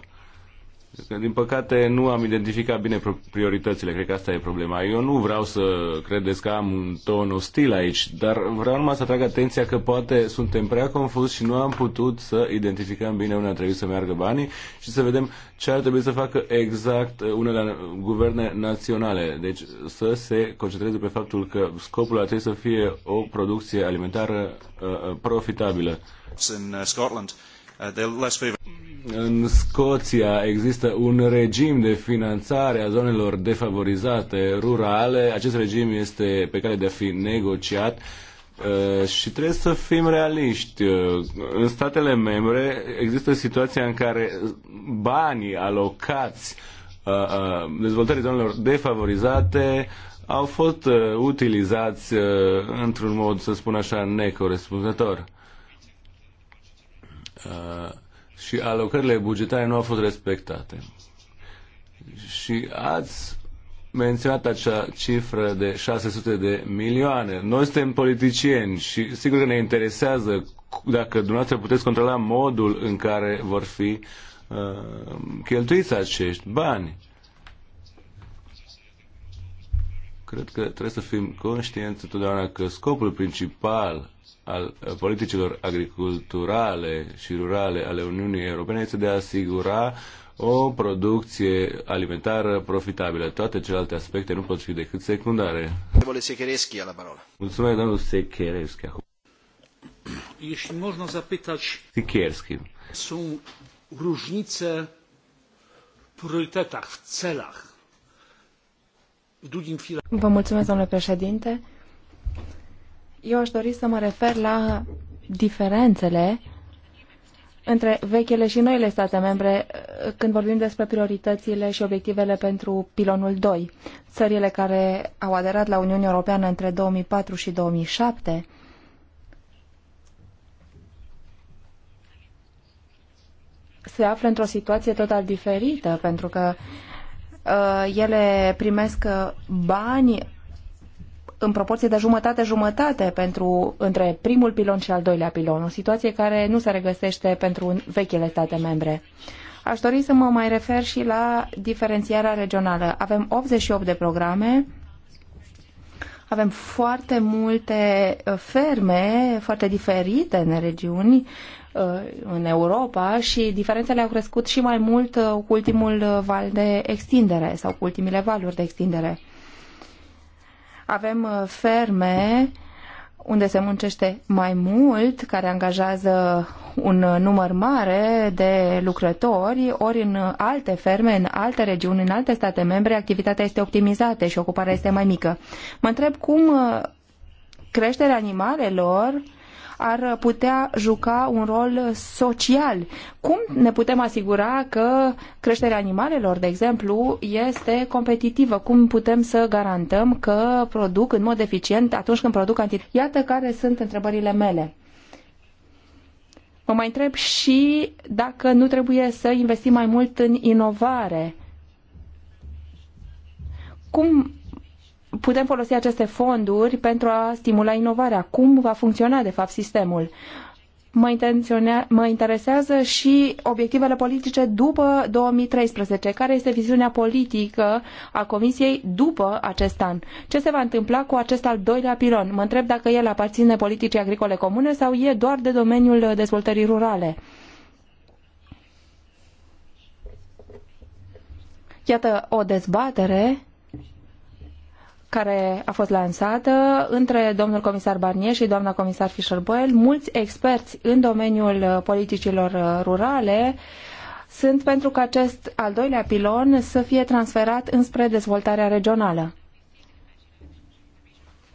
că, din păcate, nu am identificat bine prioritățile. Cred că asta e problema. Eu nu vreau să credeți că am un ton ostil aici, dar vreau numai să atrag atenția că poate suntem prea confuzi și nu am putut să identificăm bine unde ar trebui să meargă banii și să vedem ce ar trebui să facă exact uh, unele guverne naționale. Deci să se concentreze pe faptul că scopul ar trebui să fie o producție alimentară uh, uh profitabilă. In, uh, Scotland, uh, în Scoția există un regim de finanțare a zonelor defavorizate rurale. Acest regim este pe care de a fi negociat uh, și trebuie să fim realiști. Uh, în statele membre există situația în care banii alocați uh, dezvoltării zonelor defavorizate au fost utilizați într-un mod, să spun așa, necorespunzător și alocările bugetare nu au fost respectate. Și ați menționat acea cifră de 600 de milioane. Noi suntem politicieni și sigur că ne interesează dacă dumneavoastră puteți controla modul în care vor fi uh, cheltuiți acești bani. Cred că trebuie să fim conștienți întotdeauna că scopul principal al uh, politicilor agriculturale și rurale ale Uniunii Europene este de a asigura o producție alimentară profitabilă. Toate celelalte aspecte nu pot fi decât secundare. Mulțumesc, domnul Sechereschi. Jeśli można zapytać, Sikierski. są różnice w priorytetach, w celach w drugim filarze. Vă mulțumesc, domnule președinte. Eu aș dori să mă refer la diferențele între vechile și noile state membre uh, când vorbim despre prioritățile și obiectivele pentru pilonul 2. Țările care au aderat la Uniunea Europeană între 2004 și 2007 se află într-o situație total diferită pentru că uh, ele primesc bani în proporție de jumătate-jumătate pentru, între primul pilon și al doilea pilon, o situație care nu se regăsește pentru vechile state membre. Aș dori să mă mai refer și la diferențierea regională. Avem 88 de programe, avem foarte multe uh, ferme foarte diferite în regiuni, uh, în Europa și diferențele au crescut și mai mult uh, cu ultimul val de extindere sau cu ultimile valuri de extindere. Avem uh, ferme unde se muncește mai mult, care angajează un uh, număr mare de lucrători, ori în alte ferme, în alte regiuni, în alte state membre, activitatea este optimizată și ocuparea este mai mică. Mă întreb cum uh, creșterea animalelor ar putea juca un rol social. Cum ne putem asigura că creșterea animalelor, de exemplu, este competitivă? Cum putem să garantăm că produc în mod eficient atunci când produc cantitate? Iată care sunt întrebările mele. Mă mai întreb și dacă nu trebuie să investim mai mult în inovare. Cum putem folosi aceste fonduri pentru a stimula inovarea. Cum va funcționa, de fapt, sistemul? Mă, mă interesează și obiectivele politice după 2013. Care este viziunea politică a Comisiei după acest an? Ce se va întâmpla cu acest al doilea pilon? Mă întreb dacă el aparține politicii agricole comune sau e doar de domeniul dezvoltării rurale. Iată o dezbatere care a fost lansată între domnul comisar Barnier și doamna comisar Fischer-Boel. Mulți experți în domeniul uh, politicilor uh, rurale sunt pentru că acest al doilea pilon să fie transferat înspre dezvoltarea regională.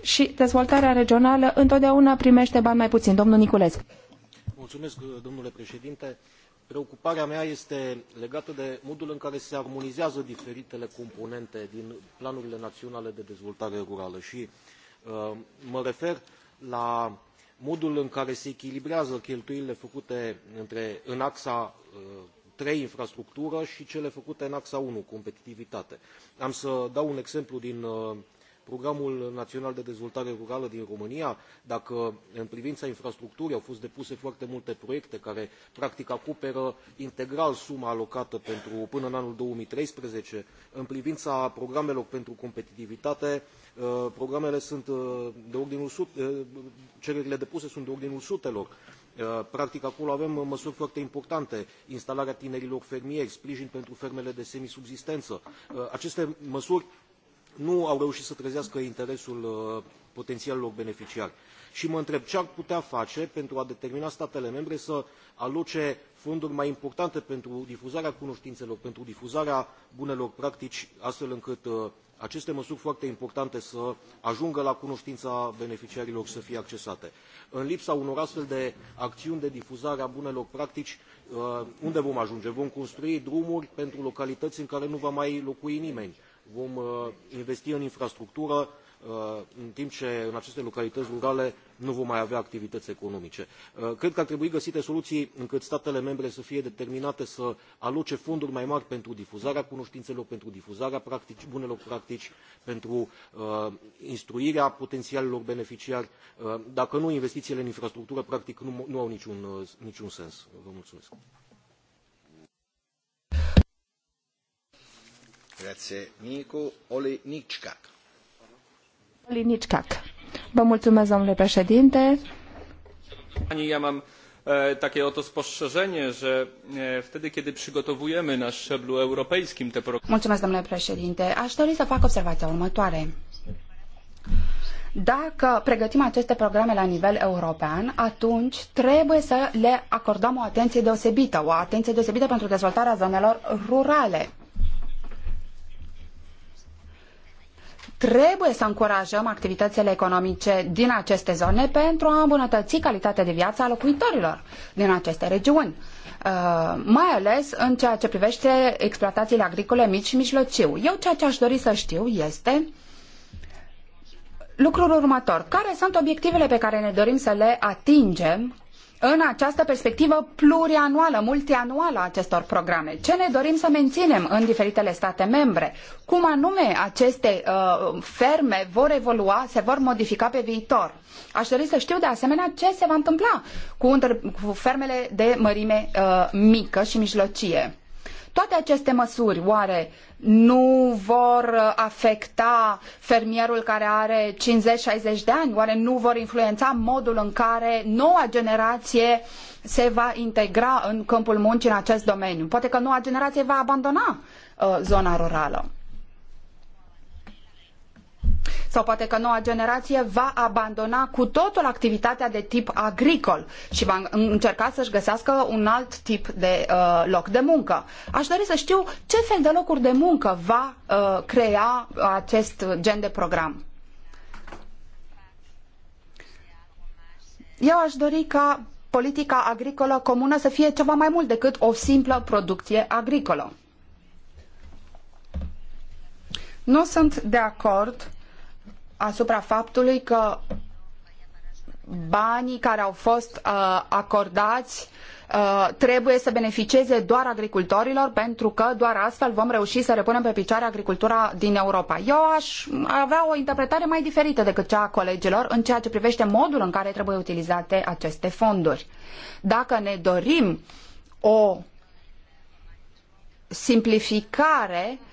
Și dezvoltarea regională întotdeauna primește bani mai puțin. Domnul Niculescu. Mulțumesc, domnule președinte preocuparea mea este legată de modul în care se armonizează diferitele componente din planurile naționale de dezvoltare rurală și uh, mă refer la modul în care se echilibrează cheltuielile făcute între, în axa uh, trei infrastructură și cele făcute în axa unu competitivitate. Am să dau un exemplu din uh, Programul Național de Dezvoltare Rurală din România, dacă în privința infrastructurii au fost depuse foarte multe proiecte care practic acoperă integral suma alocată pentru, până în anul 2013, în privința programelor pentru competitivitate, uh, programele sunt uh, de ordinul uh, cererile depuse sunt de ordinul sutelor. Practic, acolo avem măsuri foarte importante, instalarea tinerilor fermieri, sprijin pentru fermele de semisubzistență. Aceste măsuri nu au reușit să trezească interesul uh, potențialilor beneficiari. Și mă întreb ce ar putea face pentru a determina statele membre să aloce fonduri mai importante pentru difuzarea cunoștințelor, pentru difuzarea bunelor practici, astfel încât uh, aceste măsuri foarte importante să ajungă la cunoștința beneficiarilor să fie accesate. În lipsa unor astfel de acțiuni de difuzare a bunelor practici, uh, unde vom ajunge? Vom construi drumuri pentru localități în care nu va mai locui nimeni vom uh, investi în infrastructură, uh, în timp ce în aceste localități rurale nu vom mai avea activități economice. Uh, cred că ar trebui găsite soluții încât statele membre să fie determinate să aloce fonduri mai mari pentru difuzarea cunoștințelor, pentru difuzarea practici, bunelor practici, pentru uh, instruirea potențialilor beneficiari. Dacă nu, investițiile în infrastructură practic nu, nu au niciun, niciun sens. Vă mulțumesc. Vă mulțumesc, domnule președinte. Ja mam takie oto spostrzeżenie, że wtedy, kiedy przygotowujemy na szczeblu europejskim te programy... Mulțumesc, domnule președinte. Aș dori să fac observația următoare. Dacă pregătim aceste programe la nivel european, atunci trebuie să le acordăm o atenție deosebită, o atenție deosebită pentru dezvoltarea zonelor rurale. Trebuie să încurajăm activitățile economice din aceste zone pentru a îmbunătăți calitatea de viață a locuitorilor din aceste regiuni. Uh, mai ales în ceea ce privește exploatațiile agricole mici și mijlociu. Eu ceea ce aș dori să știu este lucrul următor. Care sunt obiectivele pe care ne dorim să le atingem în această perspectivă plurianuală, multianuală a acestor programe. Ce ne dorim să menținem în diferitele state membre? Cum anume aceste uh, ferme vor evolua, se vor modifica pe viitor? Aș dori să știu de asemenea ce se va întâmpla cu, fermele de mărime uh, mică și mijlocie. Toate aceste măsuri, oare, nu vor afecta fermierul care are 50-60 de ani? Oare nu vor influența modul în care noua generație se va integra în câmpul muncii în acest domeniu? Poate că noua generație va abandona uh, zona rurală. Sau poate că noua generație va abandona cu totul activitatea de tip agricol și va încerca să-și găsească un alt tip de uh, loc de muncă. Aș dori să știu ce fel de locuri de muncă va uh, crea acest gen de program. Eu aș dori ca politica agricolă comună să fie ceva mai mult decât o simplă producție agricolă. Nu sunt de acord asupra faptului că banii care au fost uh, acordați uh, trebuie să beneficieze doar agricultorilor pentru că doar astfel vom reuși să repunem pe picioare agricultura din Europa. Eu aș avea o interpretare mai diferită decât cea a colegilor în ceea ce privește modul în care trebuie utilizate aceste fonduri. Dacă ne dorim o simplificare uh,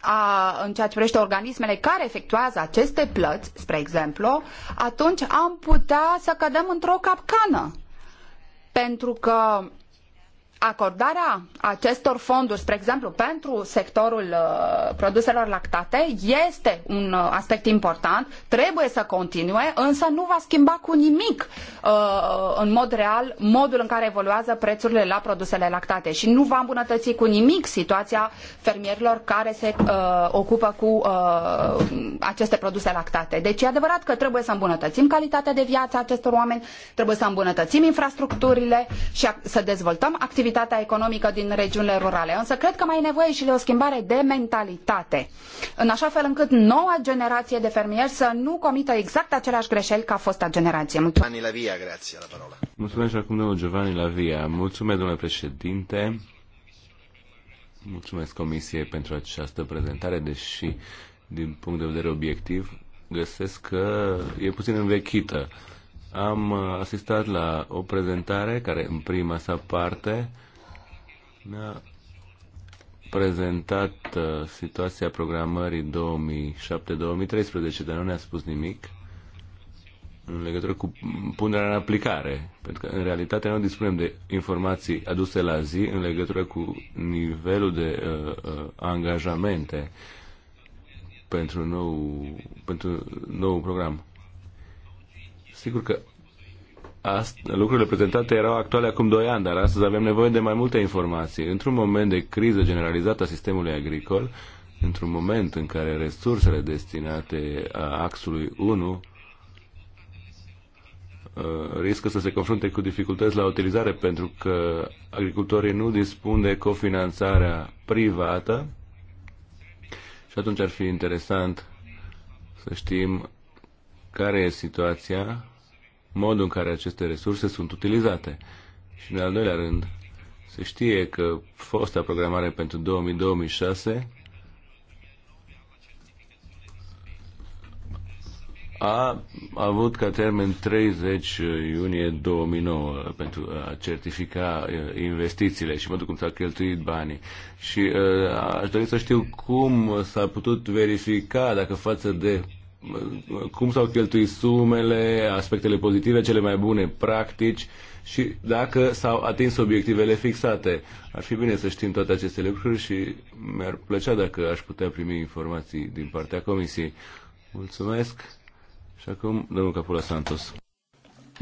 a, în ceea ce privește organismele care efectuează aceste plăți, spre exemplu, atunci am putea să cădem într-o capcană. Pentru că acordarea acestor fonduri, spre exemplu, pentru sectorul uh, produselor lactate este un uh, aspect important, trebuie să continue, însă nu va schimba cu nimic uh, în mod real modul în care evoluează prețurile la produsele lactate și nu va îmbunătăți cu nimic situația fermierilor care se ocupă cu aceste produse lactate. Deci e adevărat că trebuie să îmbunătățim calitatea de viață a acestor oameni, trebuie să îmbunătățim infrastructurile și să dezvoltăm activități activitatea economică din regiunile rurale. Însă cred că mai e nevoie și de o schimbare de mentalitate, în așa fel încât noua generație de fermieri să nu comită exact aceleași greșeli ca fosta generație. Mulțumesc. Giovanni Lavia, grație la parola. Mulțumesc acum domnul Giovanni Lavia. Mulțumesc, domnule președinte. Mulțumesc Comisiei pentru această prezentare, deși din punct de vedere obiectiv găsesc că e puțin învechită am uh, asistat la o prezentare care în prima sa parte ne-a prezentat uh, situația programării 2007-2013, dar nu ne-a spus nimic în legătură cu punerea în aplicare, pentru că în realitate nu dispunem de informații aduse la zi în legătură cu nivelul de uh, uh, angajamente pentru nou, pentru nou program. Sigur că lucrurile prezentate erau actuale acum 2 ani, dar astăzi avem nevoie de mai multe informații. Într-un moment de criză generalizată a sistemului agricol, într-un moment în care resursele destinate a axului 1 riscă să se confrunte cu dificultăți la utilizare pentru că agricultorii nu dispun de cofinanțarea privată și atunci ar fi interesant să știm care e situația modul în care aceste resurse sunt utilizate. Și în al doilea rând, se știe că fosta programare pentru 2000-2006 a avut ca termen 30 iunie 2009 pentru a certifica uh, investițiile și modul cum s-au cheltuit banii. Și uh, aș dori să știu cum s-a putut verifica dacă față de cum s-au cheltuit sumele, aspectele pozitive, cele mai bune practici și dacă s-au atins obiectivele fixate. Ar fi bine să știm toate aceste lucruri și mi-ar plăcea dacă aș putea primi informații din partea Comisiei. Mulțumesc și acum domnul Capula Santos.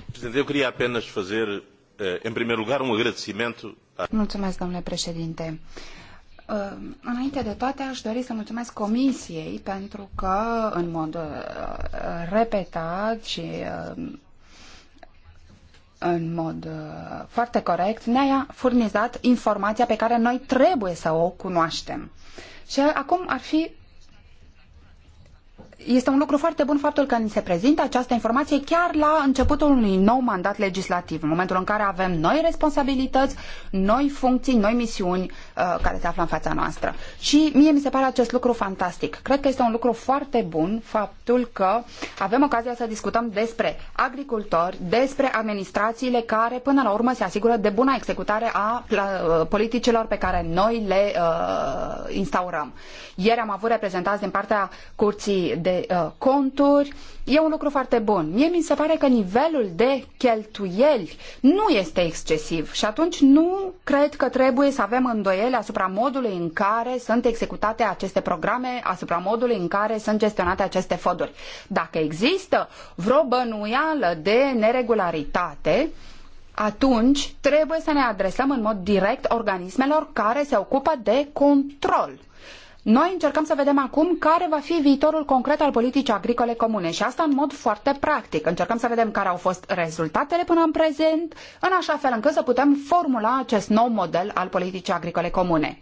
Președinte, eu queria apenas fazer, eh, em primeiro lugar, um agradecimento. Mulțumesc, domnule președinte. Înainte de toate, aș dori să mulțumesc Comisiei pentru că, în mod uh, repetat și uh, în mod uh, foarte corect, ne-a furnizat informația pe care noi trebuie să o cunoaștem. Și acum ar fi este un lucru foarte bun faptul că ni se prezintă această informație chiar la începutul unui nou mandat legislativ, în momentul în care avem noi responsabilități, noi funcții, noi misiuni uh, care se află în fața noastră. Și mie mi se pare acest lucru fantastic. Cred că este un lucru foarte bun faptul că avem ocazia să discutăm despre agricultori, despre administrațiile care până la urmă se asigură de buna executare a uh, politicilor pe care noi le uh, instaurăm. Ieri am avut reprezentanți din partea Curții de de uh, conturi. E un lucru foarte bun. Mie mi se pare că nivelul de cheltuieli nu este excesiv și atunci nu cred că trebuie să avem îndoiele asupra modului în care sunt executate aceste programe, asupra modului în care sunt gestionate aceste foduri. Dacă există vreo bănuială de neregularitate, atunci trebuie să ne adresăm în mod direct organismelor care se ocupă de control noi încercăm să vedem acum care va fi viitorul concret al politicii agricole comune și asta în mod foarte practic. Încercăm să vedem care au fost rezultatele până în prezent, în așa fel încât să putem formula acest nou model al politicii agricole comune.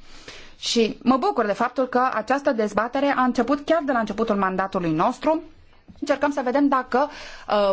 Și mă bucur de faptul că această dezbatere a început chiar de la începutul mandatului nostru, încercăm să vedem dacă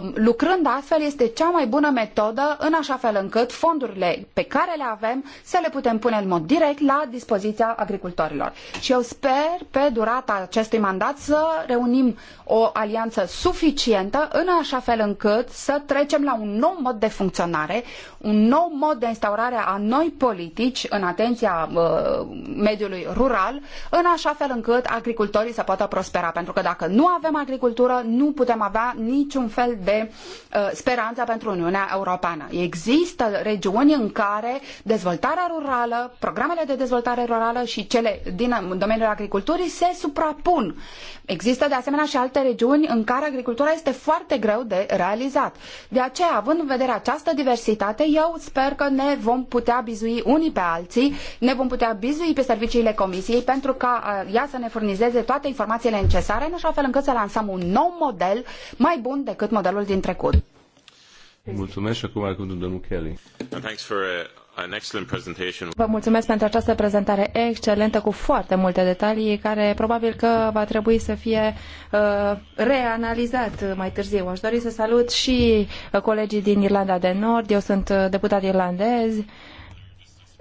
um, lucrând astfel este cea mai bună metodă în așa fel încât fondurile pe care le avem să le putem pune în mod direct la dispoziția agricultorilor. Și eu sper pe durata acestui mandat să reunim o alianță suficientă în așa fel încât să trecem la un nou mod de funcționare, un nou mod de instaurare a noi politici în atenția uh, mediului rural, în așa fel încât agricultorii să poată prospera. Pentru că dacă nu avem agricultură, nu putem avea niciun fel de uh, speranță pentru Uniunea Europeană. Există regiuni în care dezvoltarea rurală, programele de dezvoltare rurală și cele din uh, domeniul agriculturii se suprapun. Există de asemenea și alte regiuni în care agricultura este foarte greu de realizat. De aceea, având în vedere această diversitate, eu sper că ne vom putea bizui unii pe alții, ne vom putea bizui pe serviciile Comisiei pentru ca uh, ea să ne furnizeze toate informațiile necesare, în așa fel încât să lansăm un nou un model mai bun decât modelul din trecut. Mulțumesc și acum cuvântul domnul Kelly. Uh, Vă mulțumesc pentru această prezentare excelentă cu foarte multe detalii care probabil că va trebui să fie uh, reanalizat mai târziu. Aș dori să salut și uh, colegii din Irlanda de Nord. Eu sunt uh, deputat irlandez. Uh,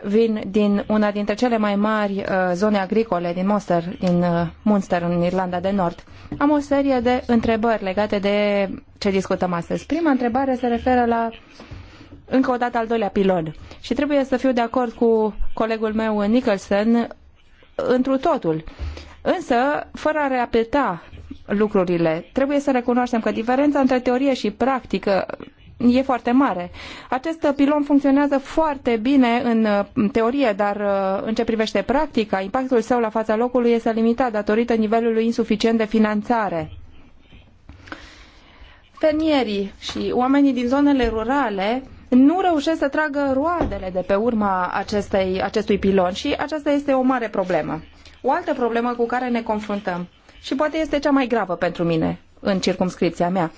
vin din una dintre cele mai mari uh, zone agricole din Munster, din uh, Munster, în Irlanda de Nord. Am o serie de întrebări legate de ce discutăm astăzi. Prima întrebare se referă la încă o dată al doilea pilon. Și trebuie să fiu de acord cu colegul meu Nicholson întru totul. Însă, fără a repeta lucrurile, trebuie să recunoaștem că diferența între teorie și practică e foarte mare. Acest pilon funcționează foarte bine în teorie, dar uh, în ce privește practica, impactul său la fața locului este limitat datorită nivelului insuficient de finanțare fermierii și oamenii din zonele rurale nu reușesc să tragă roadele de pe urma acestei, acestui pilon și aceasta este o mare problemă. O altă problemă cu care ne confruntăm și poate este cea mai gravă pentru mine în circumscripția mea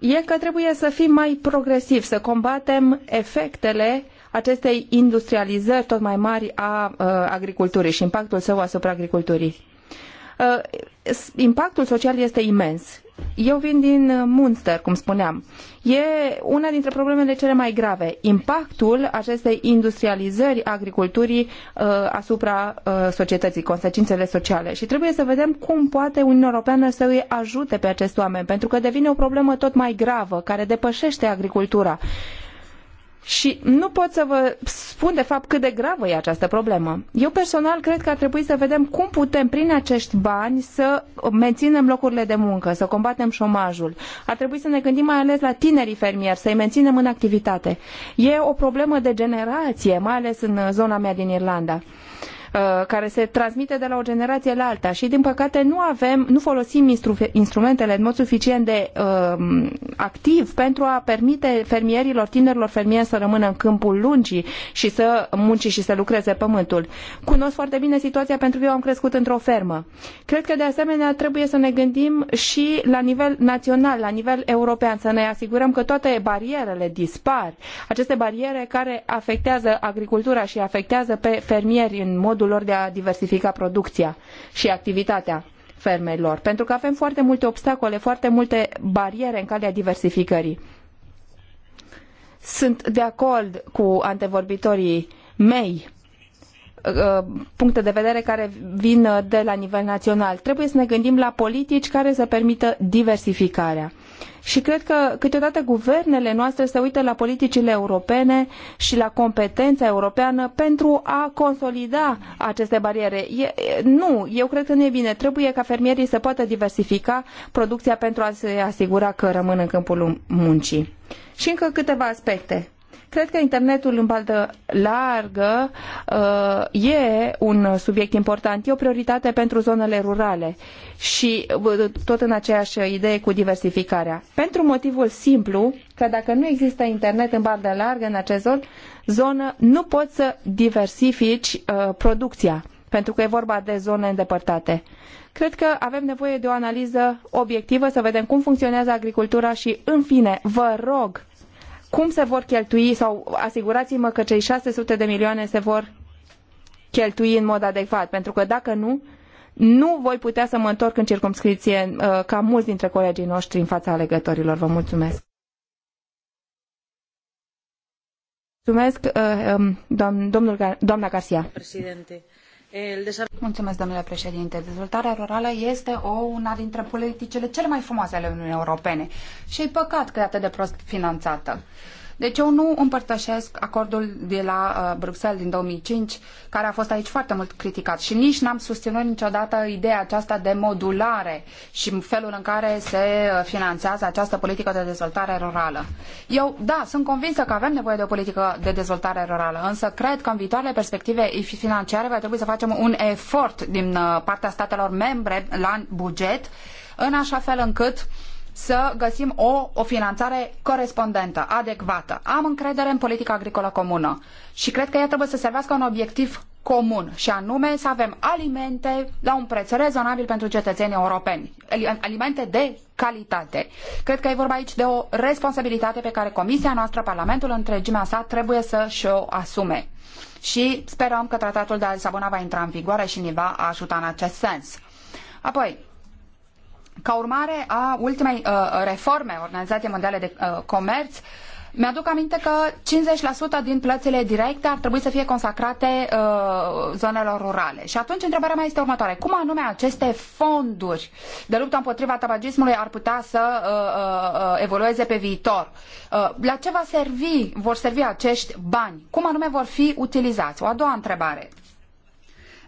e că trebuie să fim mai progresivi, să combatem efectele acestei industrializări tot mai mari a uh, agriculturii și impactul său asupra agriculturii. Uh, impactul social este imens eu vin din uh, Munster, cum spuneam. E una dintre problemele cele mai grave. Impactul acestei industrializări agriculturii uh, asupra uh, societății, consecințele sociale. Și trebuie să vedem cum poate Uniunea Europeană să îi ajute pe acest oameni, pentru că devine o problemă tot mai gravă, care depășește agricultura. Uh, și nu pot să vă spun de fapt cât de gravă e această problemă. Eu personal cred că ar trebui să vedem cum putem prin acești bani să menținem locurile de muncă, să combatem șomajul. Ar trebui să ne gândim mai ales la tinerii fermieri, să-i menținem în activitate. E o problemă de generație, mai ales în zona mea din Irlanda. Uh, care se transmite de la o generație la alta și din păcate nu avem, nu folosim instru instrumentele în mod suficient de uh, activ pentru a permite fermierilor, tinerilor fermieri să rămână în câmpul lungii și să munci și să lucreze pământul. Cunosc foarte bine situația pentru că eu am crescut într-o fermă. Cred că de asemenea trebuie să ne gândim și la nivel național, la nivel european, să ne asigurăm că toate barierele dispar. Aceste bariere care afectează agricultura și afectează pe fermieri în mod modul lor de a diversifica producția și activitatea fermelor, pentru că avem foarte multe obstacole, foarte multe bariere în calea diversificării. Sunt de acord cu antevorbitorii mei Uh, puncte de vedere care vin uh, de la nivel național. Trebuie să ne gândim la politici care să permită diversificarea. Și cred că câteodată guvernele noastre se uită la politicile europene și la competența europeană pentru a consolida aceste bariere. E, nu, eu cred că nu e bine. Trebuie ca fermierii să poată diversifica producția pentru a se asigura că rămân în câmpul muncii. Și încă câteva aspecte Cred că internetul în baltă largă uh, e un subiect important, e o prioritate pentru zonele rurale și uh, tot în aceeași idee cu diversificarea. Pentru motivul simplu că dacă nu există internet în baltă largă în acest zon, zonă, nu poți să diversifici uh, producția pentru că e vorba de zone îndepărtate. Cred că avem nevoie de o analiză obiectivă să vedem cum funcționează agricultura și, în fine, vă rog cum se vor cheltui sau asigurați-mă că cei 600 de milioane se vor cheltui în mod adecvat, pentru că dacă nu, nu voi putea să mă întorc în circumscripție uh, ca mulți dintre colegii noștri în fața alegătorilor. Vă mulțumesc! Mulțumesc, uh, um, domnul, doamna Garcia. Președinte. Mulțumesc, domnule președinte. Dezvoltarea rurală este o, una dintre politicile cele mai frumoase ale Uniunii Europene și e păcat că e atât de prost finanțată. Deci eu nu împărtășesc acordul de la uh, Bruxelles din 2005, care a fost aici foarte mult criticat și nici n-am susținut niciodată ideea aceasta de modulare și felul în care se uh, finanțează această politică de dezvoltare rurală. Eu, da, sunt convinsă că avem nevoie de o politică de dezvoltare rurală, însă cred că în viitoarele perspective financiare va trebui să facem un efort din uh, partea statelor membre la buget în așa fel încât să găsim o, o finanțare corespondentă, adecvată. Am încredere în politica agricolă comună și cred că ea trebuie să servească un obiectiv comun și anume să avem alimente la un preț rezonabil pentru cetățenii europeni, alimente de calitate. Cred că e vorba aici de o responsabilitate pe care Comisia noastră, Parlamentul întregimea sa, trebuie să și-o asume. Și sperăm că tratatul de la Lisabona va intra în vigoare și ne va ajuta în acest sens. Apoi, ca urmare a ultimei uh, reforme Organizației Mondiale de uh, Comerț, mi-aduc aminte că 50% din plățile directe ar trebui să fie consacrate uh, zonelor rurale. Și atunci întrebarea mea este următoare. Cum anume aceste fonduri de luptă împotriva tabagismului ar putea să uh, uh, evolueze pe viitor? Uh, la ce va servi, vor servi acești bani? Cum anume vor fi utilizați? O a doua întrebare.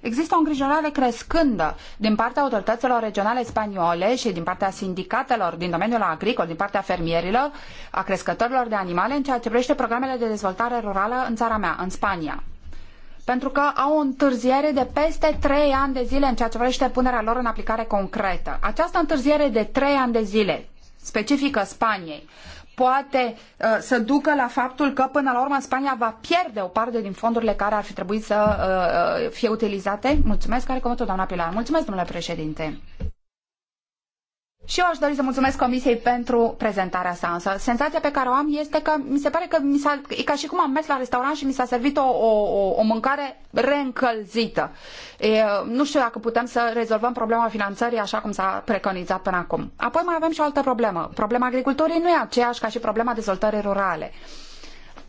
Există o îngrijorare crescândă din partea autorităților regionale spaniole și din partea sindicatelor din domeniul agricol, din partea fermierilor, a crescătorilor de animale în ceea ce privește programele de dezvoltare rurală în țara mea, în Spania pentru că au o întârziere de peste trei ani de zile în ceea ce privește punerea lor în aplicare concretă. Această întârziere de trei ani de zile specifică Spaniei, poate uh, să ducă la faptul că până la urmă Spania va pierde o parte din fondurile care ar fi trebuit să uh, uh fie utilizate? Mulțumesc, care cuvântul doamna Pilar. Mulțumesc, domnule președinte. Și eu aș dori să mulțumesc Comisiei pentru prezentarea sa, însă senzația pe care o am este că mi se pare că mi s-a, e ca și cum am mers la restaurant și mi s-a servit o, o, o mâncare reîncălzită. E, nu știu dacă putem să rezolvăm problema finanțării așa cum s-a preconizat până acum. Apoi mai avem și o altă problemă. Problema agriculturii nu e aceeași ca și problema dezvoltării rurale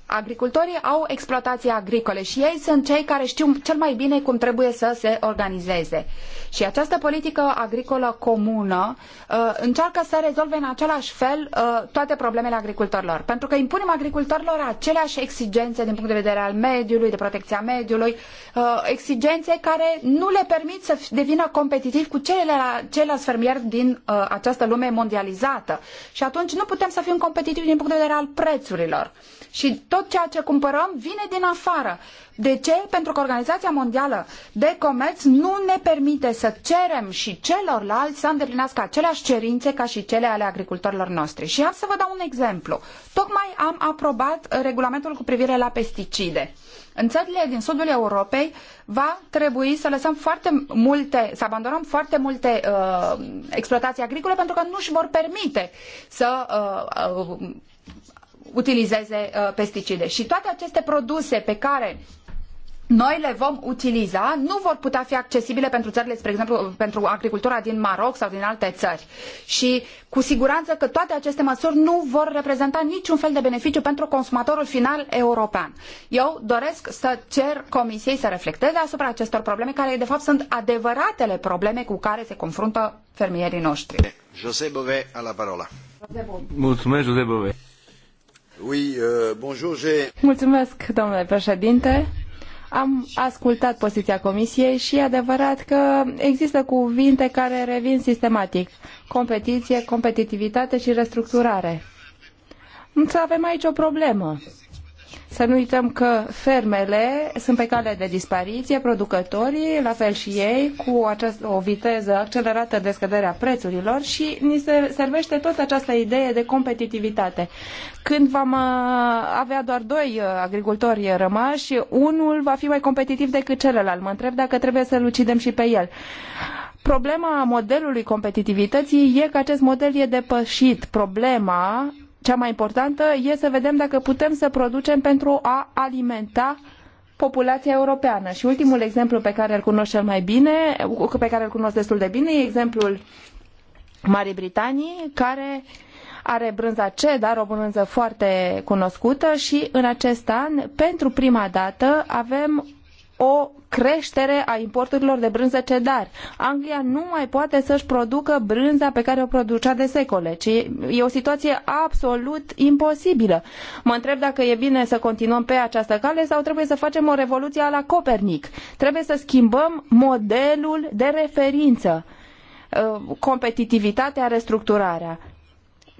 agricultorii au exploatații agricole și ei sunt cei care știu cel mai bine cum trebuie să se organizeze. Și această politică agricolă comună uh, încearcă să rezolve în același fel uh, toate problemele agricultorilor. Pentru că impunem agricultorilor aceleași exigențe din punct de vedere al mediului, de protecția mediului, uh, exigențe care nu le permit să devină competitivi cu ceilalți fermieri din uh, această lume mondializată. Și atunci nu putem să fim competitivi din punct de vedere al prețurilor. Uh, și tot ceea ce cumpărăm vine din afară. De ce? Pentru că Organizația Mondială de Comerț nu ne permite să cerem și celorlalți să îndeplinească aceleași cerințe ca și cele ale agricultorilor noștri. Și am să vă dau un exemplu. Tocmai am aprobat regulamentul cu privire la pesticide. În țările din sudul Europei va trebui să lăsăm foarte multe, să abandonăm foarte multe uh, exploatații agricole pentru că nu își vor permite să uh, uh, utilizeze uh, pesticide. Și toate aceste produse pe care noi le vom utiliza, nu vor putea fi accesibile pentru țările, spre exemplu, pentru agricultura din Maroc sau din alte țări. Și cu siguranță că toate aceste măsuri nu vor reprezenta niciun fel de beneficiu pentru consumatorul final european. Eu doresc să cer Comisiei să reflecteze asupra acestor probleme, care de fapt sunt adevăratele probleme cu care se confruntă fermierii noștri. Jose Bove, la parola. Mulțumesc, Jose Bove. Euh, Mulțumesc, domnule președinte. Am ascultat poziția Comisiei și e adevărat că există cuvinte care revin sistematic. Competiție, competitivitate și restructurare. Însă avem aici o problemă. Să nu uităm că fermele sunt pe cale de dispariție, producătorii, la fel și ei, cu această, o viteză accelerată de scăderea prețurilor și ni se servește tot această idee de competitivitate. Când vom uh, avea doar doi uh, agricultori rămași, unul va fi mai competitiv decât celălalt. Mă întreb dacă trebuie să-l ucidem și pe el. Problema modelului competitivității e că acest model e depășit. Problema cea mai importantă e să vedem dacă putem să producem pentru a alimenta populația europeană. Și ultimul exemplu pe care îl cunosc cel mai bine, pe care îl cunosc destul de bine, e exemplul Marii Britanii, care are brânza C, dar o brânză foarte cunoscută și în acest an, pentru prima dată, avem o creștere a importurilor de brânză cedar. Anglia nu mai poate să-și producă brânza pe care o producea de secole, ci e o situație absolut imposibilă. Mă întreb dacă e bine să continuăm pe această cale sau trebuie să facem o revoluție la Copernic. Trebuie să schimbăm modelul de referință, uh, competitivitatea, restructurarea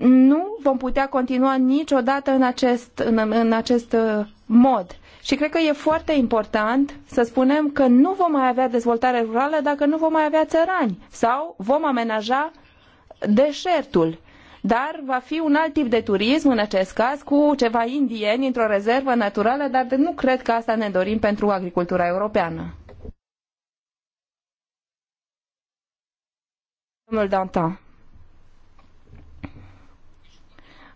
nu vom putea continua niciodată în acest, în, în acest uh, mod. Și cred că e foarte important să spunem că nu vom mai avea dezvoltare rurală dacă nu vom mai avea țărani sau vom amenaja deșertul. Dar va fi un alt tip de turism, în acest caz, cu ceva indieni într-o rezervă naturală, dar nu cred că asta ne dorim pentru agricultura europeană. Domnul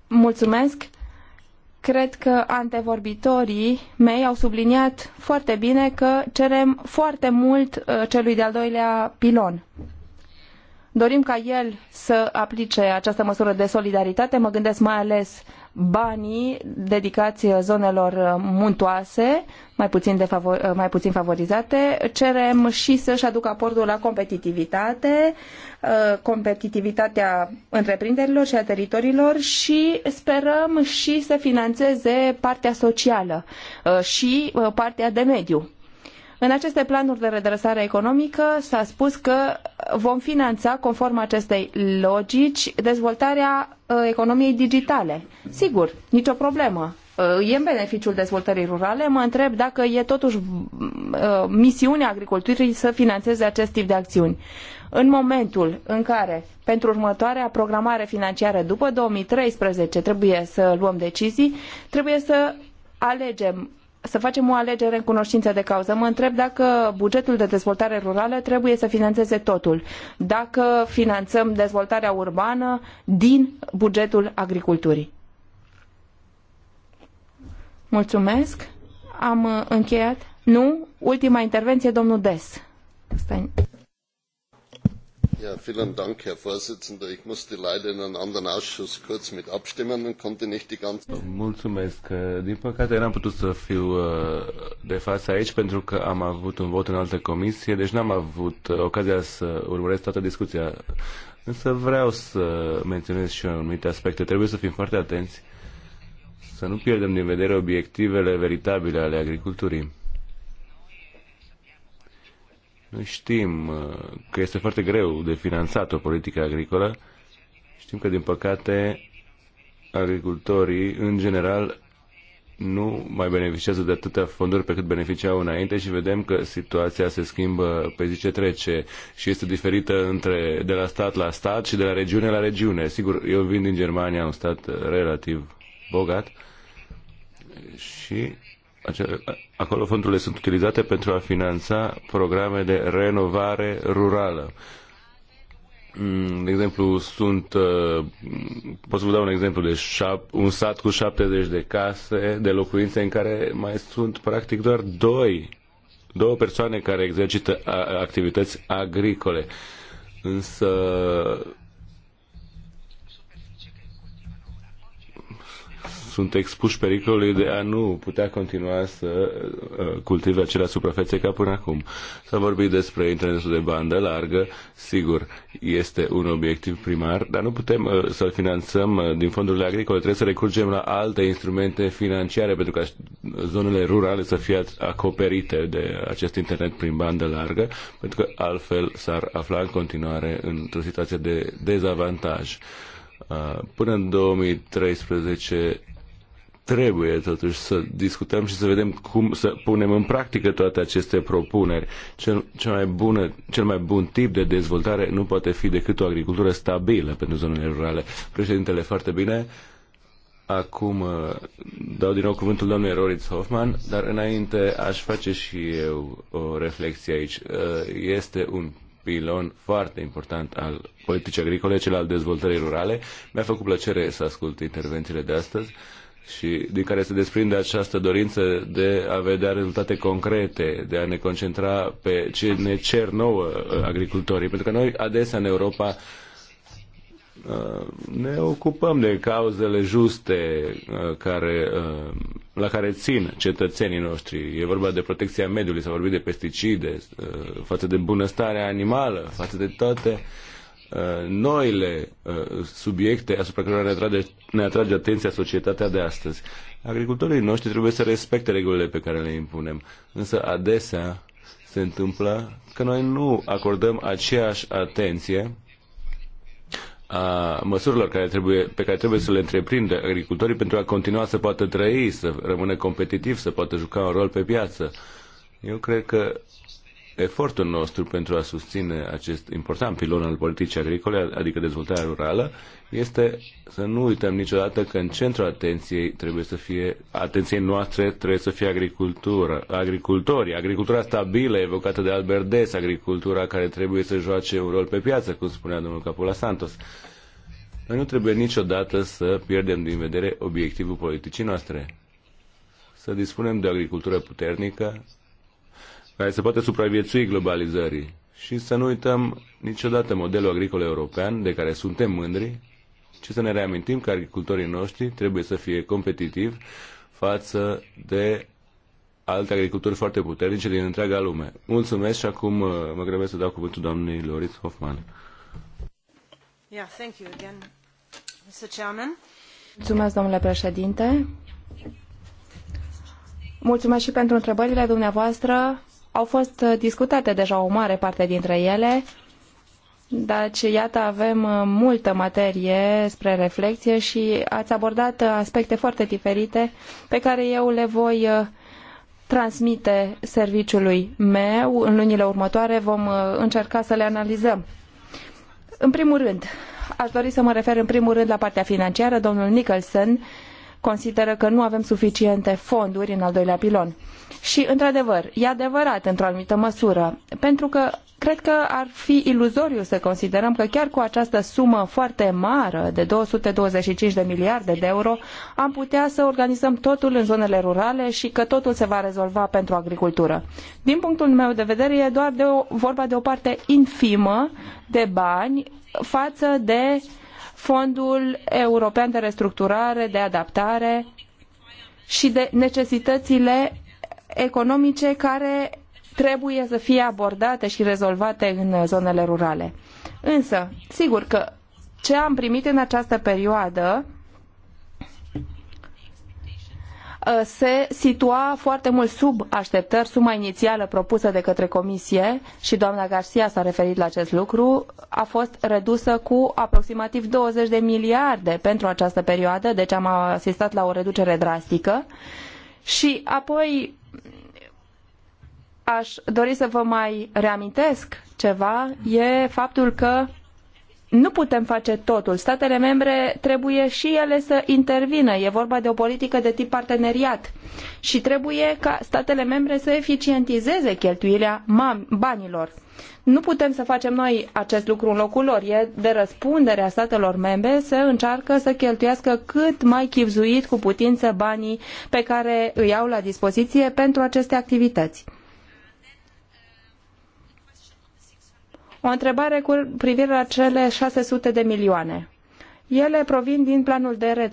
Mulțumesc. Cred că antevorbitorii mei au subliniat foarte bine că cerem foarte mult uh, celui de-al doilea pilon. Dorim ca el să aplice această măsură de solidaritate, mă gândesc mai ales banii dedicați zonelor muntoase, mai puțin, favor, mai puțin favorizate, cerem și să-și aducă aportul la competitivitate, uh, competitivitatea întreprinderilor și a teritoriilor și sperăm și să financeze partea socială uh, și uh, partea de mediu. În aceste planuri de redresare economică s-a spus că vom finanța, conform acestei logici, dezvoltarea uh, economiei digitale. Sigur, nicio problemă. Uh, e în beneficiul dezvoltării rurale. Mă întreb dacă e totuși uh, misiunea agriculturii să financeze acest tip de acțiuni. În momentul în care, pentru următoarea programare financiară după 2013, trebuie să luăm decizii, trebuie să alegem să facem o alegere în cunoștință de cauză. Mă întreb dacă bugetul de dezvoltare rurală trebuie să financeze totul. Dacă finanțăm dezvoltarea urbană din bugetul agriculturii. Mulțumesc. Am încheiat. Nu? Ultima intervenție, domnul Des. Stai. Ja, vielen Dank, Herr Vorsitzender. Ich musste leider in einem anderen Ausschuss kurz mit abstimmen und konnte nicht die ganze... Mulțumesc. Din păcate n-am putut să fiu uh, de față aici pentru că am avut un vot în altă comisie, deci n-am avut uh, ocazia să urmăresc toată discuția. Însă vreau să menționez și eu anumite aspecte. Trebuie să fim foarte atenți să nu pierdem din vedere obiectivele veritabile ale agriculturii. Știm uh, că este foarte greu de finanțat o politică agricolă. Știm că, din păcate, agricultorii, în general, nu mai beneficiază de atâtea fonduri pe cât beneficiau înainte și vedem că situația se schimbă pe zi ce trece și este diferită între, de la stat la stat și de la regiune la regiune. Sigur, eu vin din Germania, un stat relativ bogat și acolo fondurile sunt utilizate pentru a finanța programe de renovare rurală. Mm, de exemplu, sunt, uh, pot să vă dau un exemplu de șap, un sat cu 70 de case, de locuințe în care mai sunt practic doar doi, două persoane care exercită activități agricole. Însă sunt expuși pericolului de a nu putea continua să uh, cultive acelea suprafețe ca până acum. S-a vorbit despre internetul de bandă largă, sigur, este un obiectiv primar, dar nu putem uh, să-l finanțăm uh, din fondurile agricole, trebuie să recurgem la alte instrumente financiare pentru ca zonele rurale să fie acoperite de acest internet prin bandă largă, pentru că altfel s-ar afla în continuare într-o situație de dezavantaj. Până în 2013 trebuie totuși să discutăm și să vedem cum să punem în practică toate aceste propuneri. Cel, cel, mai, bună, cel mai bun tip de dezvoltare nu poate fi decât o agricultură stabilă pentru zonele rurale. Președintele, foarte bine. Acum uh, dau din nou cuvântul domnului Roritz Hoffman, dar înainte aș face și eu o reflexie aici. Uh, este un pilon foarte important al politicii agricole, cel al dezvoltării rurale. Mi-a făcut plăcere să ascult intervențiile de astăzi și din care se desprinde această dorință de a vedea rezultate concrete, de a ne concentra pe ce ne cer nouă uh, agricultorii. Pentru că noi adesea în Europa uh, ne ocupăm de cauzele juste uh, care, la care țin cetățenii noștri. E vorba de protecția mediului, s-a vorbit de pesticide, față de bunăstarea animală, față de toate Uh, noile uh, subiecte asupra cărora ne atrage, ne atrage atenția societatea de astăzi. Agricultorii noștri trebuie să respecte regulile pe care le impunem, însă adesea se întâmplă că noi nu acordăm aceeași atenție a măsurilor care trebuie, pe care trebuie să le întreprindă agricultorii pentru a continua să poată trăi, să rămână competitiv, să poată juca un rol pe piață. Eu cred că efortul nostru pentru a susține acest important pilon al politicii agricole, adică dezvoltarea rurală, este să nu uităm niciodată că în centrul atenției trebuie să fie, atenției noastre trebuie să fie agricultura, agricultorii, agricultura stabilă evocată de Albert Des, agricultura care trebuie să joace un rol pe piață, cum spunea domnul Capula Santos. Noi nu trebuie niciodată să pierdem din vedere obiectivul politicii noastre. Să dispunem de o agricultură puternică, care să poată supraviețui globalizării. Și să nu uităm niciodată modelul agricol european, de care suntem mândri, ci să ne reamintim că agricultorii noștri trebuie să fie competitivi față de alte agricultori foarte puternice din întreaga lume. Mulțumesc și acum uh, mă grăbesc să dau cuvântul doamnei Loris Hoffman. Yeah, thank you again, Mr. Chairman. Mulțumesc, domnule președinte. Mulțumesc și pentru întrebările dumneavoastră. Au fost uh, discutate deja o mare parte dintre ele, deci, iată, avem uh, multă materie spre reflexie și ați abordat uh, aspecte foarte diferite pe care eu le voi transmite serviciului meu. În lunile următoare vom încerca să le analizăm. În primul rând, aș dori să mă refer în primul rând la partea financiară. Domnul Nicholson consideră că nu avem suficiente fonduri în al doilea pilon. Și, într-adevăr, e adevărat într-o anumită măsură, pentru că cred că ar fi iluzoriu să considerăm că chiar cu această sumă foarte mare de 225 de miliarde de euro am putea să organizăm totul în zonele rurale și că totul se va rezolva pentru agricultură. Din punctul meu de vedere e doar de o, vorba de o parte infimă de bani față de uh, Fondul European de Restructurare, de Adaptare și de necesitățile economice care trebuie să fie abordate și rezolvate în zonele rurale. Însă, sigur că ce am primit în această perioadă Uh, se situa foarte mult sub așteptări suma inițială propusă de către comisie și doamna Garcia s-a referit la acest lucru, a fost redusă cu aproximativ 20 de miliarde pentru această perioadă, deci am asistat la o reducere drastică. Și apoi aș dori să vă mai reamintesc ceva, e faptul că nu putem face totul. Statele membre trebuie și ele să intervină. E vorba de o politică de tip parteneriat și trebuie ca statele membre să eficientizeze cheltuirea banilor. Nu putem să facem noi acest lucru în locul lor. E de răspunderea statelor membre să încearcă să cheltuiască cât mai chipzuit cu putință banii pe care îi au la dispoziție pentru aceste activități. O întrebare cu privire la cele 600 de milioane. Ele provin din planul de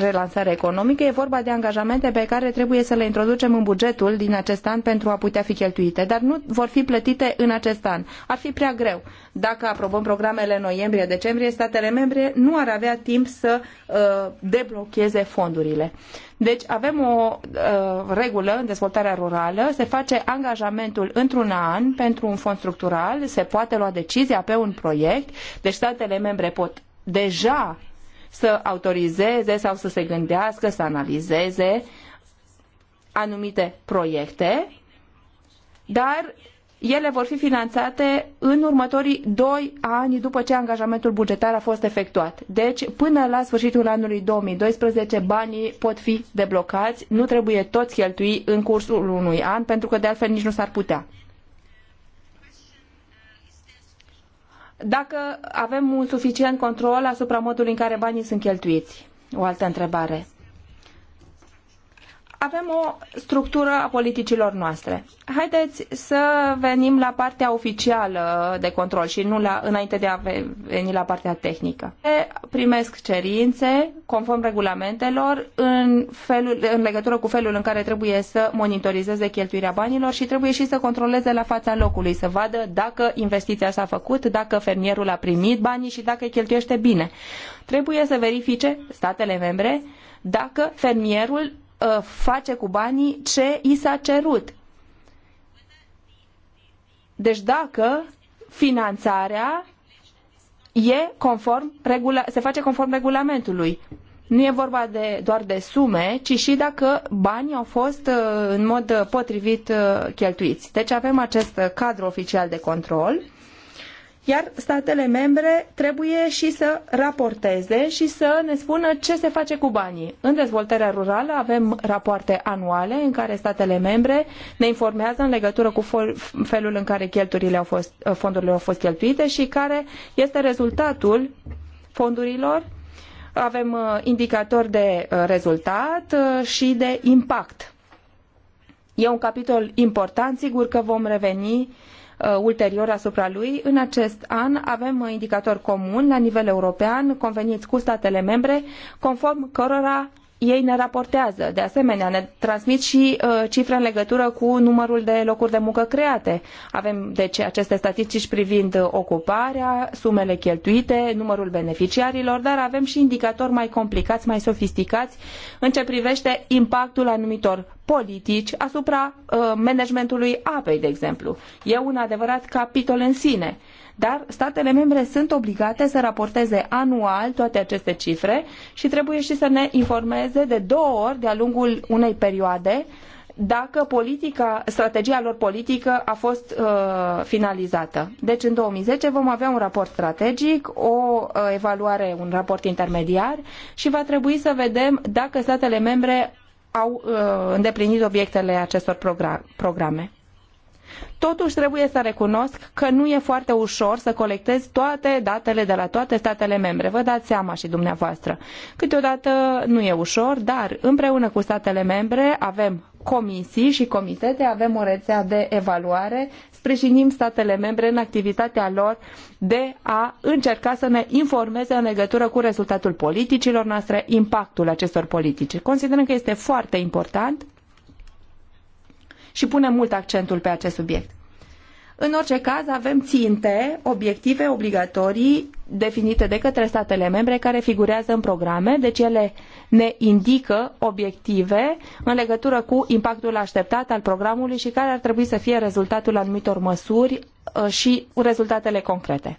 relansare economică. E vorba de angajamente pe care trebuie să le introducem în bugetul din acest an pentru a putea fi cheltuite, dar nu vor fi plătite în acest an. Ar fi prea greu. Dacă aprobăm programele noiembrie-decembrie, statele membre nu ar avea timp să uh, deblocheze fondurile. Deci avem o uh, regulă în dezvoltarea rurală, se face angajamentul într-un an pentru un fond structural, se poate lua decizia pe un proiect, deci statele membre pot deja să autorizeze sau să se gândească, să analizeze anumite proiecte, dar ele vor fi finanțate în următorii doi ani după ce angajamentul bugetar a fost efectuat. Deci, până la sfârșitul anului 2012, banii pot fi deblocați, nu trebuie toți cheltui în cursul unui an, pentru că de altfel nici nu s-ar putea. dacă avem un suficient control asupra modului în care banii sunt cheltuiți. O altă întrebare avem o structură a politicilor noastre. Haideți să venim la partea oficială de control și nu la, înainte de a veni la partea tehnică. Primesc cerințe conform regulamentelor în, felul, în legătură cu felul în care trebuie să monitorizeze cheltuirea banilor și trebuie și să controleze la fața locului, să vadă dacă investiția s-a făcut, dacă fermierul a primit banii și dacă îi cheltuiește bine. Trebuie să verifice statele membre dacă fermierul Uh, face cu banii ce i s-a cerut. Deci dacă finanțarea e conform, regula, se face conform regulamentului. Nu e vorba de, doar de sume, ci și dacă banii au fost uh, în mod potrivit uh, cheltuiți. Deci avem acest cadru oficial de control iar statele membre trebuie și să raporteze și să ne spună ce se face cu banii. În dezvoltarea rurală avem rapoarte anuale în care statele membre ne informează în legătură cu felul în care cheltuirile au fost, uh, fondurile au fost cheltuite și care este rezultatul fondurilor. Avem uh, indicatori de uh, rezultat și de impact. E un capitol important, sigur că vom reveni uh, Uh, ulterior asupra lui. În acest an avem indicatori comuni la nivel european conveniți cu statele membre, conform cărora ei ne raportează. De asemenea, ne transmit și uh, cifre în legătură cu numărul de locuri de muncă create. Avem, deci, aceste statistici privind ocuparea, sumele cheltuite, numărul beneficiarilor, dar avem și indicatori mai complicați, mai sofisticați în ce privește impactul anumitor politici asupra uh, managementului apei, de exemplu. E un adevărat capitol în sine. Uh, dar statele membre sunt obligate să raporteze anual toate aceste cifre și trebuie și să ne informeze de două ori de-a lungul unei perioade dacă politica, strategia lor politică a fost uh, finalizată. Deci în 2010 vom avea un raport strategic, o uh, evaluare, un raport intermediar și va trebui să vedem dacă statele membre au uh, îndeplinit obiectele acestor program, programe. Totuși trebuie să recunosc că nu e foarte ușor să colectezi toate datele de la toate statele membre. Vă dați seama și dumneavoastră. Câteodată nu e ușor, dar împreună cu statele membre avem comisii și comitete, avem o rețea de evaluare, sprijinim statele membre în activitatea lor de a încerca să ne informeze în legătură cu rezultatul politicilor noastre, impactul acestor politici. Considerăm că este foarte important și punem mult accentul pe acest subiect. În orice caz, avem ținte, obiective obligatorii definite de către statele membre care figurează în programe, deci ele ne indică obiective în legătură cu impactul așteptat al programului și care ar trebui să fie rezultatul anumitor măsuri uh, și rezultatele concrete.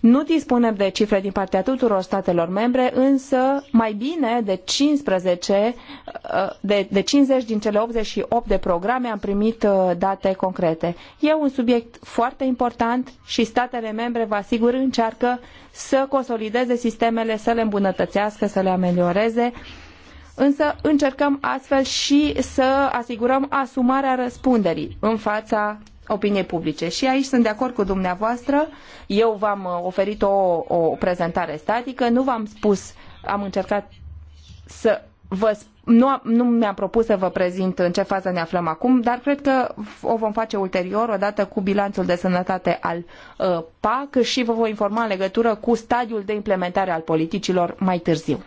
Nu dispunem de cifre din partea tuturor statelor membre, însă mai bine de 15, uh, de, de 50 din cele 88 de programe am primit uh, date concrete. E un subiect foarte important și statele membre, vă asigur, încearcă să consolideze sistemele, să le îmbunătățească, să le amelioreze însă încercăm astfel și să asigurăm asumarea răspunderii în fața opiniei publice. Și aici sunt de acord cu dumneavoastră. Eu v-am uh, oferit o, o prezentare statică, nu v-am spus, am încercat să vă nu, nu mi-am propus să vă prezint în ce fază ne aflăm acum, dar cred că o vom face ulterior, odată cu bilanțul de sănătate al uh, PAC și vă voi informa în legătură cu stadiul de implementare al politicilor mai târziu.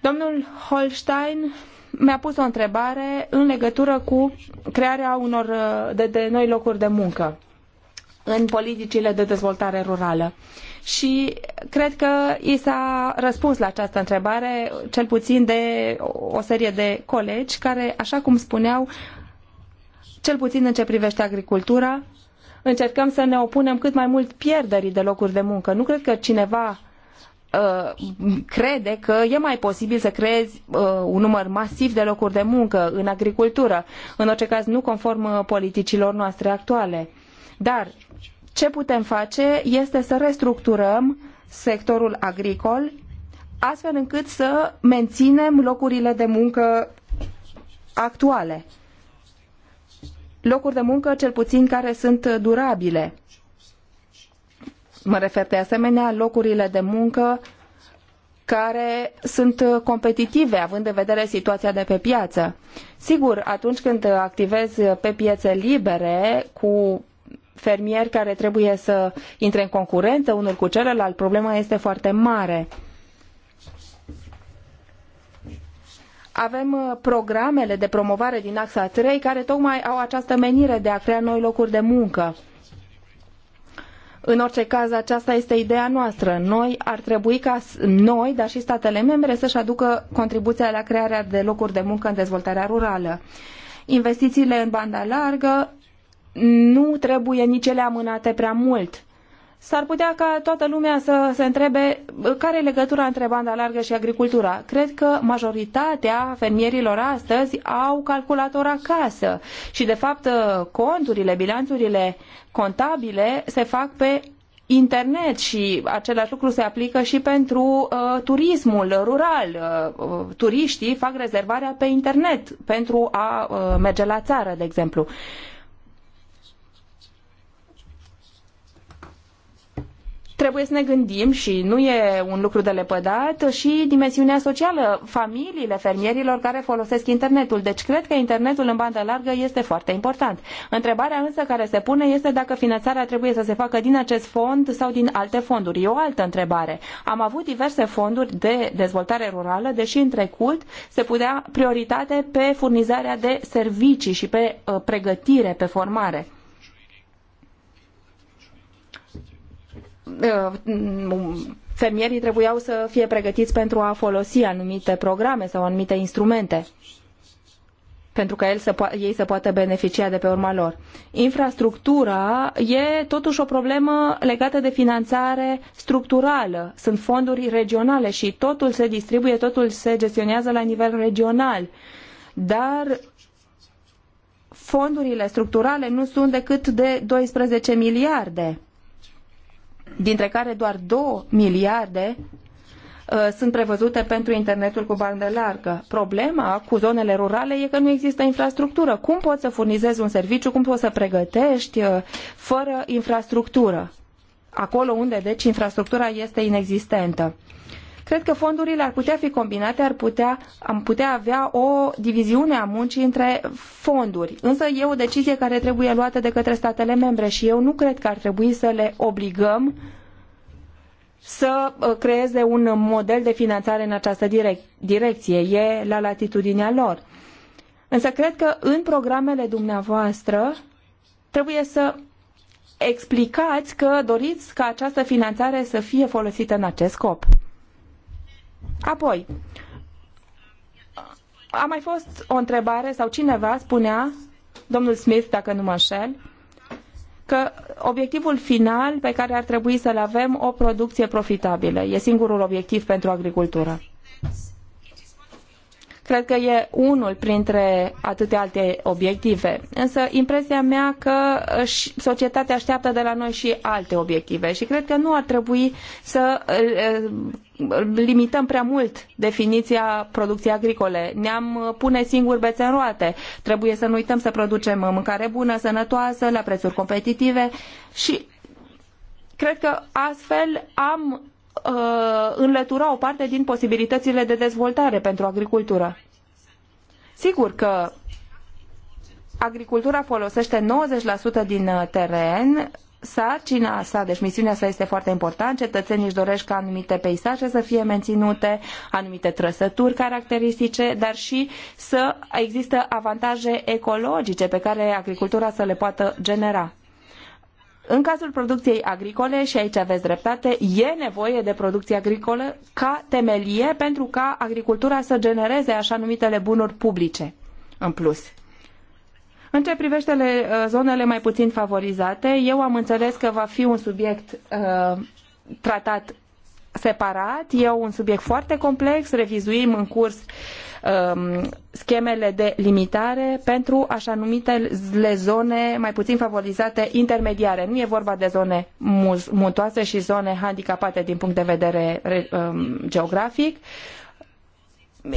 Domnul Holstein mi-a pus o întrebare în legătură cu crearea unor uh, de, de noi locuri de muncă în politicile de dezvoltare rurală. Și cred că i s-a răspuns la această întrebare, cel puțin de o serie de colegi care, așa cum spuneau, cel puțin în ce privește agricultura, încercăm să ne opunem cât mai mult pierderii de locuri de muncă. Nu cred că cineva Uh, crede că e mai posibil să creezi uh, un număr masiv de locuri de muncă în agricultură, în orice caz nu conform uh, politicilor noastre actuale. Dar ce putem face este să restructurăm sectorul agricol astfel încât să menținem locurile de muncă actuale. Locuri de muncă cel puțin care sunt durabile Mă refer de asemenea locurile de muncă care sunt competitive, având în vedere situația de pe piață. Sigur, atunci când activezi pe piețe libere cu fermieri care trebuie să intre în concurență unul cu celălalt, problema este foarte mare. Avem programele de promovare din AXA 3 care tocmai au această menire de a crea noi locuri de muncă. În orice caz, aceasta este ideea noastră. Noi ar trebui ca noi, dar și statele membre, să-și aducă contribuția la crearea de locuri de muncă în dezvoltarea rurală. Investițiile în banda largă nu trebuie nici ele amânate prea mult s-ar putea ca toată lumea să se întrebe care e legătura între banda largă și agricultura. Cred că majoritatea fermierilor astăzi au calculator acasă și, de fapt, conturile, bilanțurile contabile se fac pe internet și același lucru se aplică și pentru uh, turismul rural. Uh, turiștii fac rezervarea pe internet pentru a uh, merge la țară, de exemplu. Uh, trebuie să ne gândim și nu e un lucru de lepădat și dimensiunea socială, familiile fermierilor care folosesc internetul. Deci cred că internetul în bandă largă este foarte important. Întrebarea însă care se pune este dacă finanțarea trebuie să se facă din acest fond sau din alte fonduri. E o altă întrebare. Am avut diverse fonduri de dezvoltare rurală, deși în trecut se putea prioritate pe furnizarea de servicii și pe uh, pregătire, pe formare. Uh, um, fermierii trebuiau să fie pregătiți pentru a folosi anumite programe sau anumite instrumente pentru ca el să ei să poată beneficia de pe urma lor. Infrastructura e totuși o problemă legată de finanțare structurală. Sunt fonduri regionale și totul se distribuie, totul se gestionează la nivel regional. Dar fondurile structurale nu sunt decât de 12 miliarde dintre care doar 2 miliarde uh, sunt prevăzute pentru internetul cu bandă largă. Problema cu zonele rurale e că nu există infrastructură. Cum poți să furnizezi un serviciu, cum poți să pregătești uh, fără infrastructură? Acolo unde, deci, infrastructura este inexistentă. Cred că fondurile ar putea fi combinate, ar putea, am putea avea o diviziune a muncii între fonduri. Însă e o decizie care trebuie luată de către statele membre și eu nu cred că ar trebui să le obligăm să uh, creeze un model de finanțare în această direc- direcție. E la latitudinea lor. Însă cred că în programele dumneavoastră trebuie să explicați că doriți ca această finanțare să fie folosită în acest scop. Apoi, a mai fost o întrebare sau cineva spunea, domnul Smith, dacă nu mă șel, că obiectivul final pe care ar trebui să-l avem o producție profitabilă. E singurul obiectiv pentru agricultură. Cred că e unul printre atâtea alte obiective. Însă impresia mea că uh, societatea așteaptă de la noi și alte obiective și cred că nu ar trebui să uh, uh, limităm prea mult definiția producției agricole. Ne-am pune singuri bețe în roate. Trebuie să nu uităm să producem mâncare bună, sănătoasă, la prețuri competitive și cred că astfel am Uh, înlătura o parte din posibilitățile de dezvoltare pentru agricultură. Sigur că agricultura folosește 90% din uh, teren, sarcina sa, deci misiunea sa este foarte importantă, cetățenii își doresc ca anumite peisaje să fie menținute, anumite trăsături caracteristice, dar și să există avantaje ecologice pe care agricultura să le poată genera. În cazul producției agricole, și aici aveți dreptate, e nevoie de producție agricolă ca temelie pentru ca agricultura să genereze așa numitele bunuri publice în plus. În ce privește uh, zonele mai puțin favorizate, eu am înțeles că va fi un subiect uh, tratat separat, e un subiect foarte complex, revizuim în curs um, schemele de limitare pentru așa numitele zone mai puțin favorizate intermediare. Nu e vorba de zone muntoase și zone handicapate din punct de vedere um, geografic.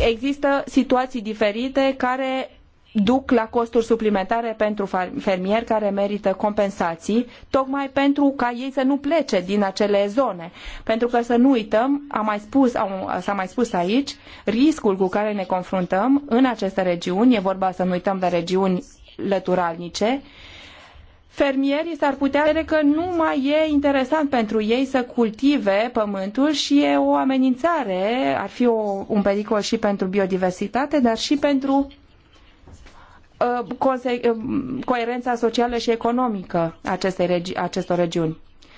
Există situații diferite care duc la costuri suplimentare pentru fermieri care merită compensații, tocmai pentru ca ei să nu plece din acele zone. Pentru că să nu uităm, am mai spus, s-a mai spus aici, riscul cu care ne confruntăm în aceste regiuni, e vorba să nu uităm de regiuni lăturalnice, fermierii s-ar putea crede că nu mai e interesant pentru ei să cultive pământul și e o amenințare, ar fi o, un pericol și pentru biodiversitate, dar și pentru Uh, uh, coerența socială și economică acestei regi acestor regiuni.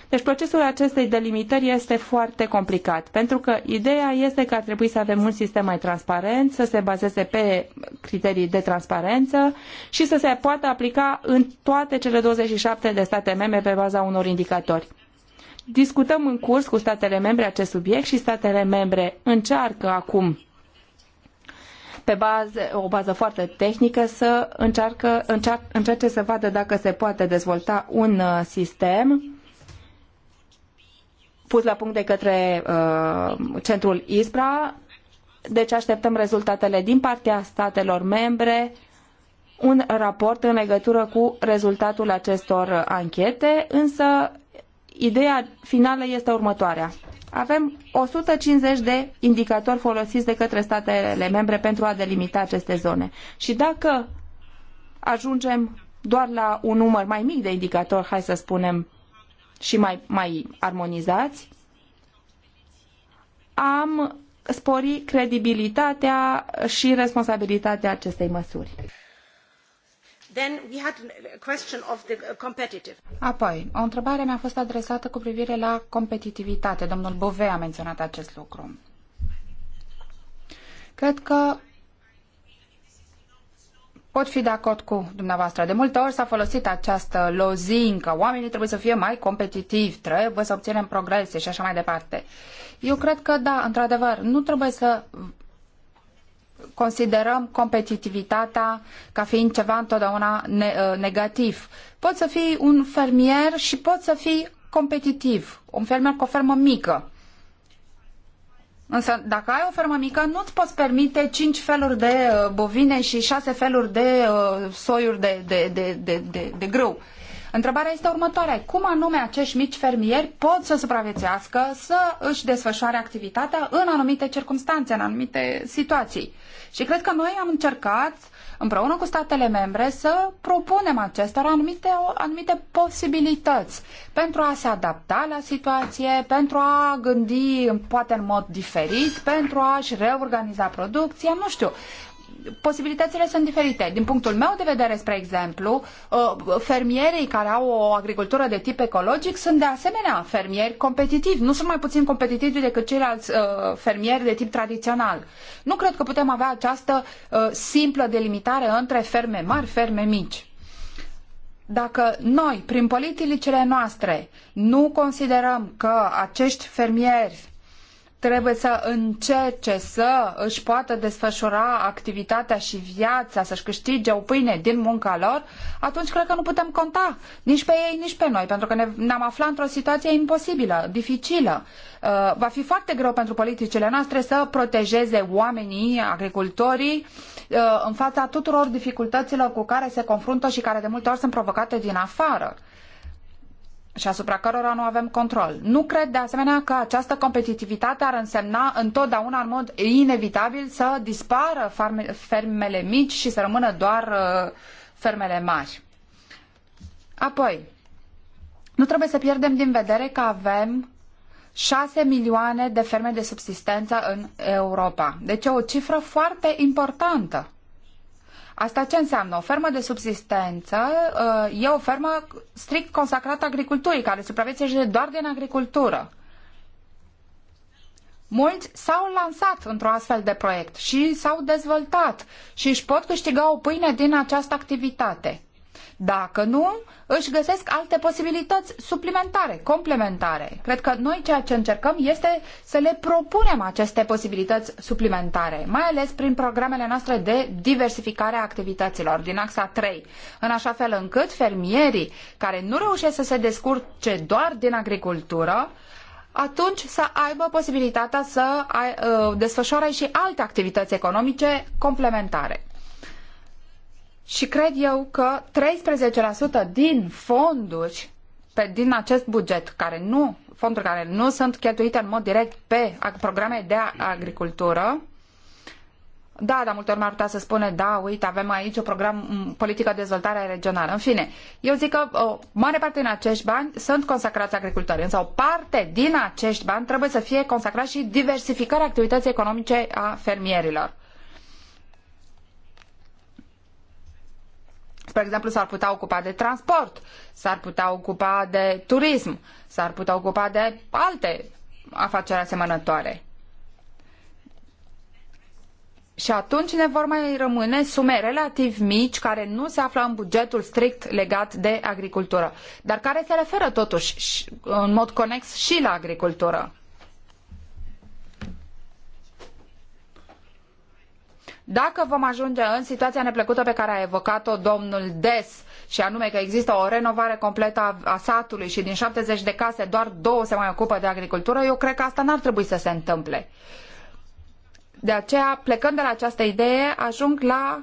Deci procesul acestei delimitări este foarte complicat, pentru că ideea este că ar trebui să avem un sistem mai transparent, să se bazeze pe criterii de transparență și să se poată aplica în toate cele 27 de state membre pe baza unor indicatori. Discutăm în curs cu statele membre acest subiect și statele membre încearcă acum pe bază, o bază foarte tehnică, să încearcă, încear, încerce să vadă dacă se poate dezvolta un uh, sistem pus la punct de către uh, centrul ISPRA. Deci așteptăm rezultatele din partea statelor membre, un raport în legătură cu rezultatul acestor uh, anchete, însă ideea finală este următoarea. Avem 150 de indicatori folosiți de către statele membre pentru a delimita aceste zone. Și dacă ajungem doar la un număr mai mic de indicatori, hai să spunem, și mai, mai armonizați, am spori credibilitatea și responsabilitatea acestei măsuri. Uh, Apoi, o întrebare mi-a fost adresată cu privire la competitivitate. Domnul Bove a menționat acest lucru. Cred că pot fi de acord cu dumneavoastră. De multe ori s-a folosit această lozincă. Oamenii trebuie să fie mai competitivi, trebuie să obținem progrese și așa mai departe. Eu cred că, da, într-adevăr, nu trebuie să considerăm competitivitatea ca fiind ceva întotdeauna uh, negativ. Poți să fii un fermier și poți să fii competitiv, un fermier cu o fermă mică. Însă, dacă ai o fermă mică, nu-ți poți permite cinci feluri de uh, bovine și șase feluri de uh, soiuri de, de, de, de, de grâu. Întrebarea este următoarea. Cum anume acești mici fermieri pot să supraviețuiască, să își desfășoare activitatea în anumite circunstanțe, în anumite situații? Și cred că noi am încercat împreună cu statele membre să propunem acestora anumite, anumite posibilități pentru a se adapta la situație, pentru a gândi poate în mod diferit, pentru a-și reorganiza producția, nu știu posibilitățile sunt diferite. Din punctul meu de vedere, spre exemplu, uh, fermierii care au o agricultură de tip ecologic sunt de asemenea fermieri competitivi. Nu sunt mai puțin competitivi decât ceilalți uh, fermieri de tip tradițional. Nu cred că putem avea această uh, simplă delimitare între ferme mari, ferme mici dacă noi, prin politicile noastre, nu considerăm că acești fermieri trebuie să încerce să își poată desfășura activitatea și viața, să-și câștige o pâine din munca lor, atunci cred că nu putem conta nici pe ei, nici pe noi, pentru că ne, am aflat într-o situație imposibilă, dificilă. Uh, va fi foarte greu pentru politicile noastre să protejeze oamenii, agricultorii, uh, în fața tuturor dificultăților cu care se confruntă și care de multe ori sunt provocate din afară și asupra cărora nu avem control. Nu cred de asemenea că această competitivitate ar însemna întotdeauna în mod inevitabil să dispară fermele mici și să rămână doar uh, fermele mari. Apoi, nu trebuie să pierdem din vedere că avem 6 milioane de ferme de subsistență în Europa. Deci e o cifră foarte importantă. Asta ce înseamnă? O fermă de subsistență uh, e o fermă strict consacrată agriculturii, care supraviețește doar din agricultură. Mulți s-au lansat într-o astfel de proiect și s-au dezvoltat și își pot câștiga o pâine din această activitate. Dacă nu, își găsesc alte posibilități suplimentare, complementare. Cred că noi ceea ce încercăm este să le propunem aceste posibilități suplimentare, mai ales prin programele noastre de diversificare a activităților din axa 3, în așa fel încât fermierii care nu reușesc să se descurce doar din agricultură, atunci să aibă posibilitatea să ă, desfășoare și alte activități economice complementare. Și cred eu că 13% din fonduri, pe, din acest buget, care nu, fonduri care nu sunt cheltuite în mod direct pe programe de agricultură, da, dar multe ori ar putea să spune, da, uite, avem aici o program, politică de dezvoltare regională. În fine, eu zic că o mare parte din acești bani sunt consacrați agricultorii, însă o parte din acești bani trebuie să fie consacrați și diversificarea activității economice a fermierilor. Spre exemplu, s-ar putea ocupa de transport, s-ar putea ocupa de turism, s-ar putea ocupa de alte afaceri asemănătoare. Și atunci ne vor mai rămâne sume relativ mici care nu se află în bugetul strict legat de agricultură, dar care se referă totuși în mod conex și la agricultură. Dacă vom ajunge în situația neplăcută pe care a evocat-o domnul Des, și anume că există o renovare completă a satului și din 70 de case doar două se mai ocupă de agricultură, eu cred că asta n-ar trebui să se întâmple. De aceea, plecând de la această idee, ajung la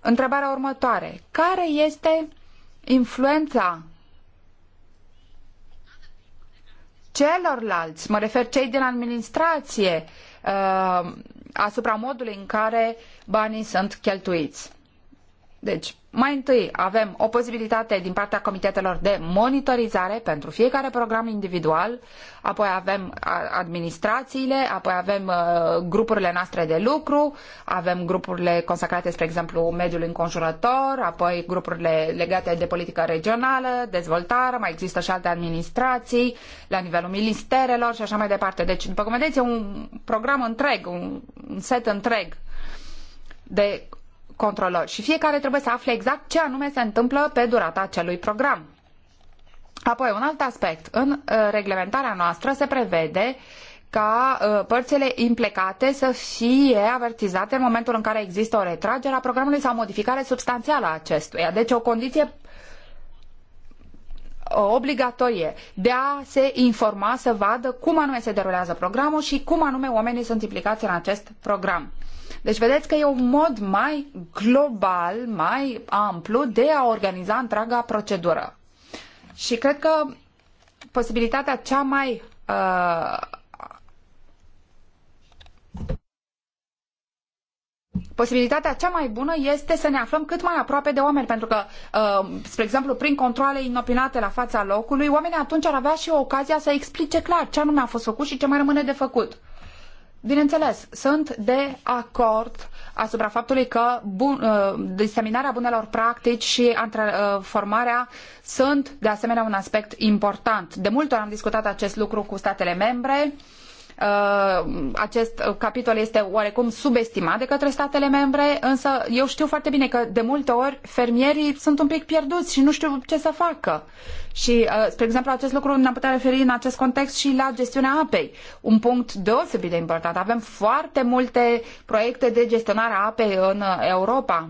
întrebarea următoare. Care este influența celorlalți, mă refer cei din administrație, uh, asupra modului în care banii sunt cheltuiți. Deci, mai întâi avem o posibilitate din partea comitetelor de monitorizare pentru fiecare program individual, apoi avem administrațiile, apoi avem uh, grupurile noastre de lucru, avem grupurile consacrate, spre exemplu, mediului înconjurător, apoi grupurile legate de politică regională, dezvoltare, mai există și alte administrații la nivelul ministerelor și așa mai departe. Deci, după cum vedeți, e un program întreg, un set întreg de controlori și fiecare trebuie să afle exact ce anume se întâmplă pe durata acelui program. Apoi, un alt aspect. În uh, reglementarea noastră se prevede ca uh, părțile implicate să fie avertizate în momentul în care există o retragere a programului sau modificare substanțială a acestuia. Deci o condiție obligatorie de a se informa, să vadă cum anume se derulează programul și cum anume oamenii sunt implicați în acest program. Deci vedeți că e un mod mai global, mai amplu de a organiza întreaga procedură. Și cred că posibilitatea cea mai uh, posibilitatea cea mai bună este să ne aflăm cât mai aproape de oameni, pentru că, uh, spre exemplu, prin controle inopinate la fața locului, oamenii atunci ar avea și ocazia să explice clar ce anume a fost făcut și ce mai rămâne de făcut. Bineînțeles, sunt de acord asupra faptului că bun, uh, diseminarea bunelor practici și uh, formarea sunt, de asemenea, un aspect important. De multe ori am discutat acest lucru cu statele membre. Uh, Uh, acest capitol este oarecum subestimat de către statele membre, însă eu știu foarte bine că de multe ori fermierii sunt un pic pierduți și nu știu ce să facă. Și, uh, spre exemplu, acest lucru ne-am putea referi în acest context și la gestiunea apei. Un punct deosebit de important. Avem foarte multe proiecte de gestionare a apei în Europa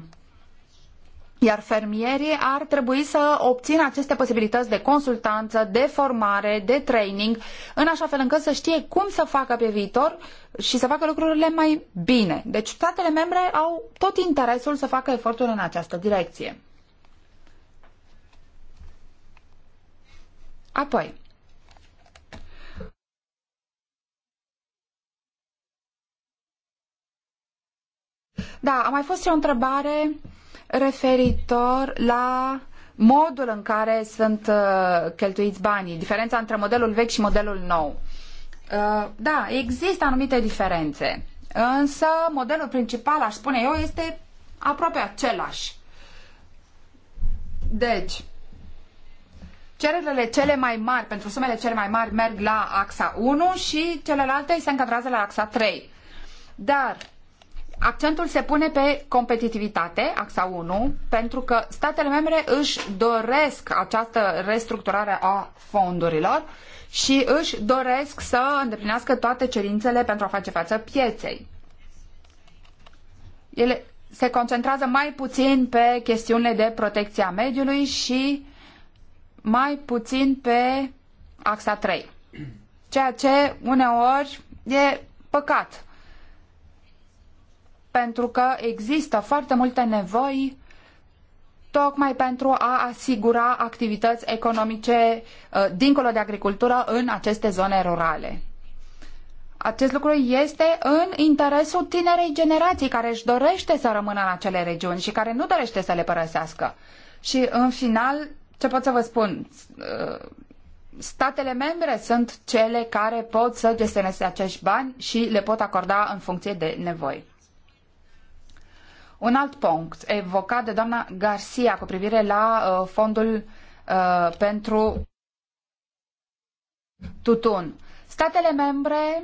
iar fermierii ar trebui să obțină aceste posibilități de consultanță, de formare, de training, în așa fel încât să știe cum să facă pe viitor și să facă lucrurile mai bine. Deci statele membre au tot interesul să facă eforturi în această direcție. Apoi, Da, a mai fost și o întrebare referitor la modul în care sunt uh, cheltuiți banii, diferența între modelul vechi și modelul nou. Uh, da, există anumite diferențe, însă modelul principal, aș spune eu, este aproape același. Deci, cererile cele mai mari, pentru sumele cele mai mari, merg la axa 1 și celelalte se încadrează la axa 3. Dar accentul se pune pe competitivitate, axa 1, pentru că statele membre își doresc această restructurare a fondurilor și își doresc să îndeplinească toate cerințele pentru a face față pieței. Ele se concentrează mai puțin pe chestiunile de protecție a mediului și mai puțin pe axa 3, ceea ce uneori e păcat, pentru că există foarte multe nevoi tocmai pentru a asigura activități economice uh, dincolo de agricultură în aceste zone rurale. Acest lucru este în interesul tinerei generații care își dorește să rămână în acele regiuni și care nu dorește să le părăsească. Și în final, ce pot să vă spun? Uh, statele membre sunt cele care pot să gestioneze acești bani și le pot acorda în funcție de nevoi. Un alt punct evocat de doamna Garcia cu privire la uh, fondul uh, pentru tutun. Statele membre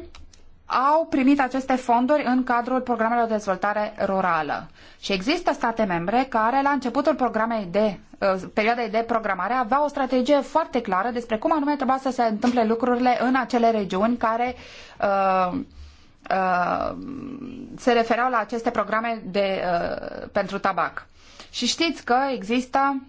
au primit aceste fonduri în cadrul programelor de dezvoltare rurală. Și există state membre care, la începutul programei de, uh, perioadei de programare, aveau o strategie foarte clară despre cum anume trebuia să se întâmple lucrurile în acele regiuni care uh, uh, se refereau la aceste programe de, uh, pentru tabac. Și știți că există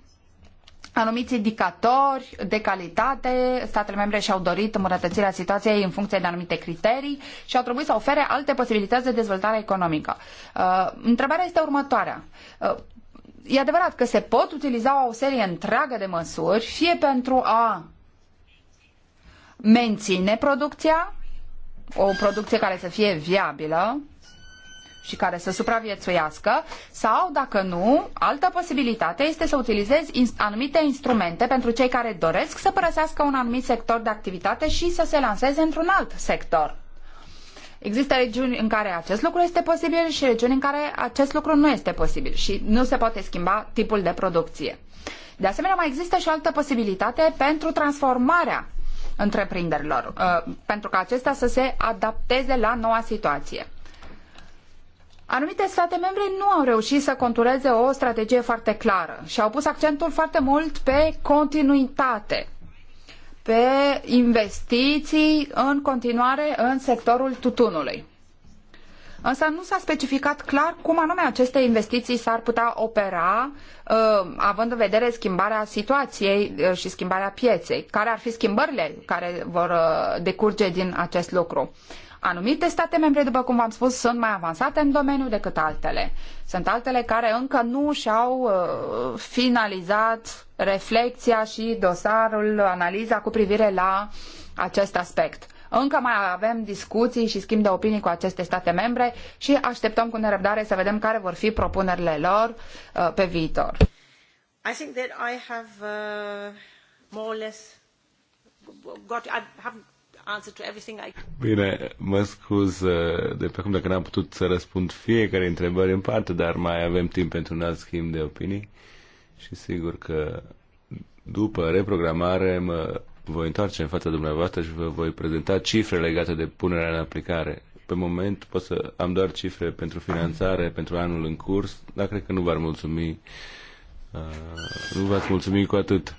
anumiți indicatori de calitate, statele membre și-au dorit îmbunătățirea situației în funcție de anumite criterii și au trebuit să ofere alte posibilități de dezvoltare economică. Uh, întrebarea este următoarea. Uh, e adevărat că se pot utiliza o serie întreagă de măsuri, fie pentru a menține producția, o producție care să fie viabilă și care să supraviețuiască sau, dacă nu, altă posibilitate este să utilizezi anumite instrumente pentru cei care doresc să părăsească un anumit sector de activitate și să se lanseze într-un alt sector. Există regiuni în care acest lucru este posibil și regiuni în care acest lucru nu este posibil și nu se poate schimba tipul de producție. De asemenea, mai există și o altă posibilitate pentru transformarea întreprinderilor, uh, pentru ca acestea să se adapteze la noua situație. Anumite state membre nu au reușit să contureze o strategie foarte clară și au pus accentul foarte mult pe continuitate, pe investiții în continuare în sectorul tutunului însă nu s-a specificat clar cum anume aceste investiții s-ar putea opera, uh, având în vedere schimbarea situației uh, și schimbarea pieței, care ar fi schimbările care vor uh, decurge din acest lucru. Anumite state membre, după cum v-am spus, sunt mai avansate în domeniu decât altele. Sunt altele care încă nu și-au finalizat reflexia și dosarul, analiza cu privire la acest aspect. Încă mai avem discuții și schimb de opinii cu aceste state membre și așteptăm cu nerăbdare să vedem care vor fi propunerile lor uh, pe viitor. I think that I have uh, more or less got I haven't answered to everything I Bine, mă scuz uh, de pe acum dacă n-am putut să răspund fiecare întrebări în parte, dar mai avem timp pentru un alt schimb de opinii și sigur că după reprogramare mă voi întoarce în fața dumneavoastră și vă voi prezenta cifre legate de punerea în aplicare. Pe moment pot să am doar cifre pentru finanțare, pentru anul în curs, dar cred că nu v-ar mulțumi, uh, nu v-ați mulțumi cu atât.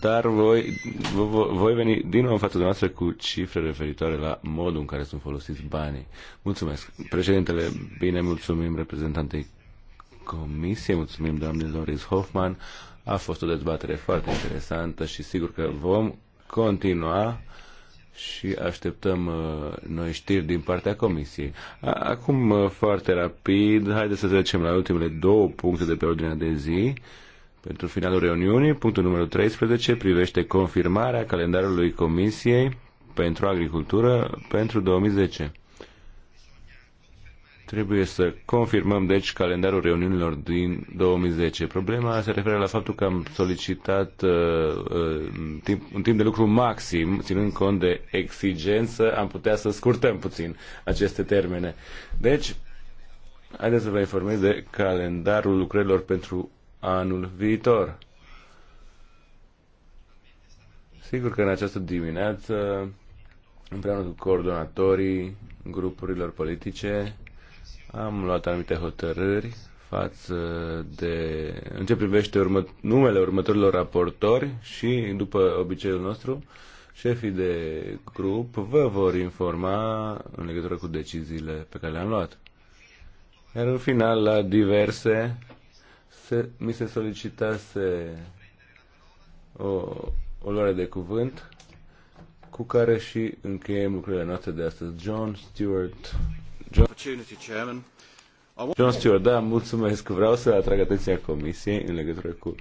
Dar voi, voi, voi veni din nou în fața dumneavoastră cu cifre referitoare la modul în care sunt folosiți banii. Mulțumesc. Președintele, bine mulțumim reprezentantei Comisiei, mulțumim doamnei Doris Hoffman. A fost o dezbatere foarte interesantă și sigur că vom continua și așteptăm uh, noi știri din partea Comisiei. Acum, uh, foarte rapid, haideți să trecem la ultimele două puncte de pe ordinea de zi. Pentru finalul reuniunii, punctul numărul 13 privește confirmarea calendarului Comisiei pentru Agricultură pentru 2010. Trebuie să confirmăm, deci, calendarul reuniunilor din 2010. Problema se referă la faptul că am solicitat uh, un, uh, timp, un timp de lucru maxim, ținând cont de exigență, am putea să scurtăm puțin aceste termene. Deci, haideți să vă informez de calendarul lucrărilor pentru anul viitor. Sigur că în această dimineață, împreună cu coordonatorii grupurilor politice, am luat anumite hotărâri față de, în ce privește urmă, numele următorilor raportori și, după obiceiul nostru, șefii de grup vă vor informa în legătură cu deciziile pe care le-am luat. Iar în final, la diverse, se, mi se solicitase o, o luare de cuvânt cu care și încheiem lucrurile noastre de astăzi. John Stewart John, Stewart, da, mulțumesc. Vreau să atrag atenția Comisiei în legătură cu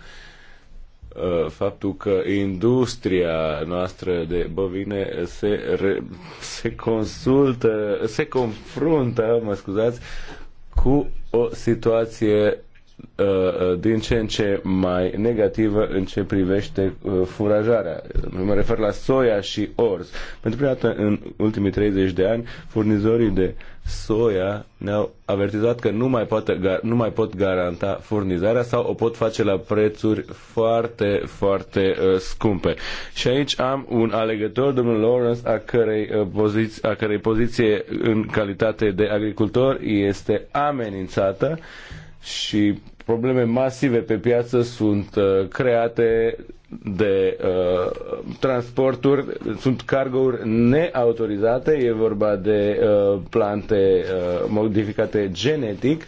uh, faptul că industria noastră de bovine se, re, se consultă, se confruntă, mă scuzați, cu o situație Uh, uh, din ce în ce mai negativă în ce privește uh, furajarea. Mă refer la soia și orz. Pentru prima dată în ultimii 30 de ani, furnizorii de soia ne-au avertizat că nu mai, poate, nu mai pot garanta furnizarea sau o pot face la prețuri foarte, foarte uh, scumpe. Și aici am un alegător, domnul Lawrence, a cărei, uh, poziție, a cărei poziție în calitate de agricultor este amenințată uh, și probleme masive pe piață sunt uh, create de uh, transporturi, sunt cargouri neautorizate, e vorba de uh, plante uh, modificate genetic,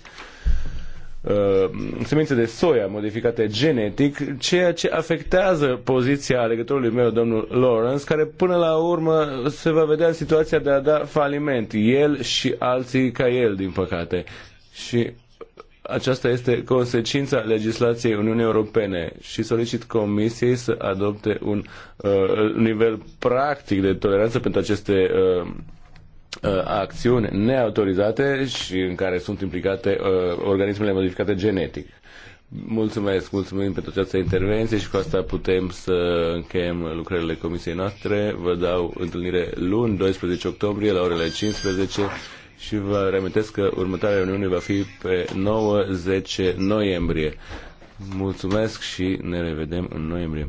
uh, semințe de soia modificate genetic, ceea ce afectează poziția alegătorului meu, domnul Lawrence, care până la urmă se va vedea în situația de a da faliment, el și alții ca el, din păcate. Și aceasta este consecința legislației Uniunii Europene și solicit Comisiei să adopte un uh, nivel practic de toleranță pentru aceste uh, uh, acțiuni neautorizate și în care sunt implicate uh, organismele modificate genetic. Mulțumesc, mulțumim pentru această intervenție și cu asta putem să încheiem lucrările comisiei noastre. Vă dau întâlnire luni, 12 octombrie, la orele 15 și vă reamintesc că următoarea reuniune va fi pe 9-10 noiembrie. Mulțumesc și ne revedem în noiembrie.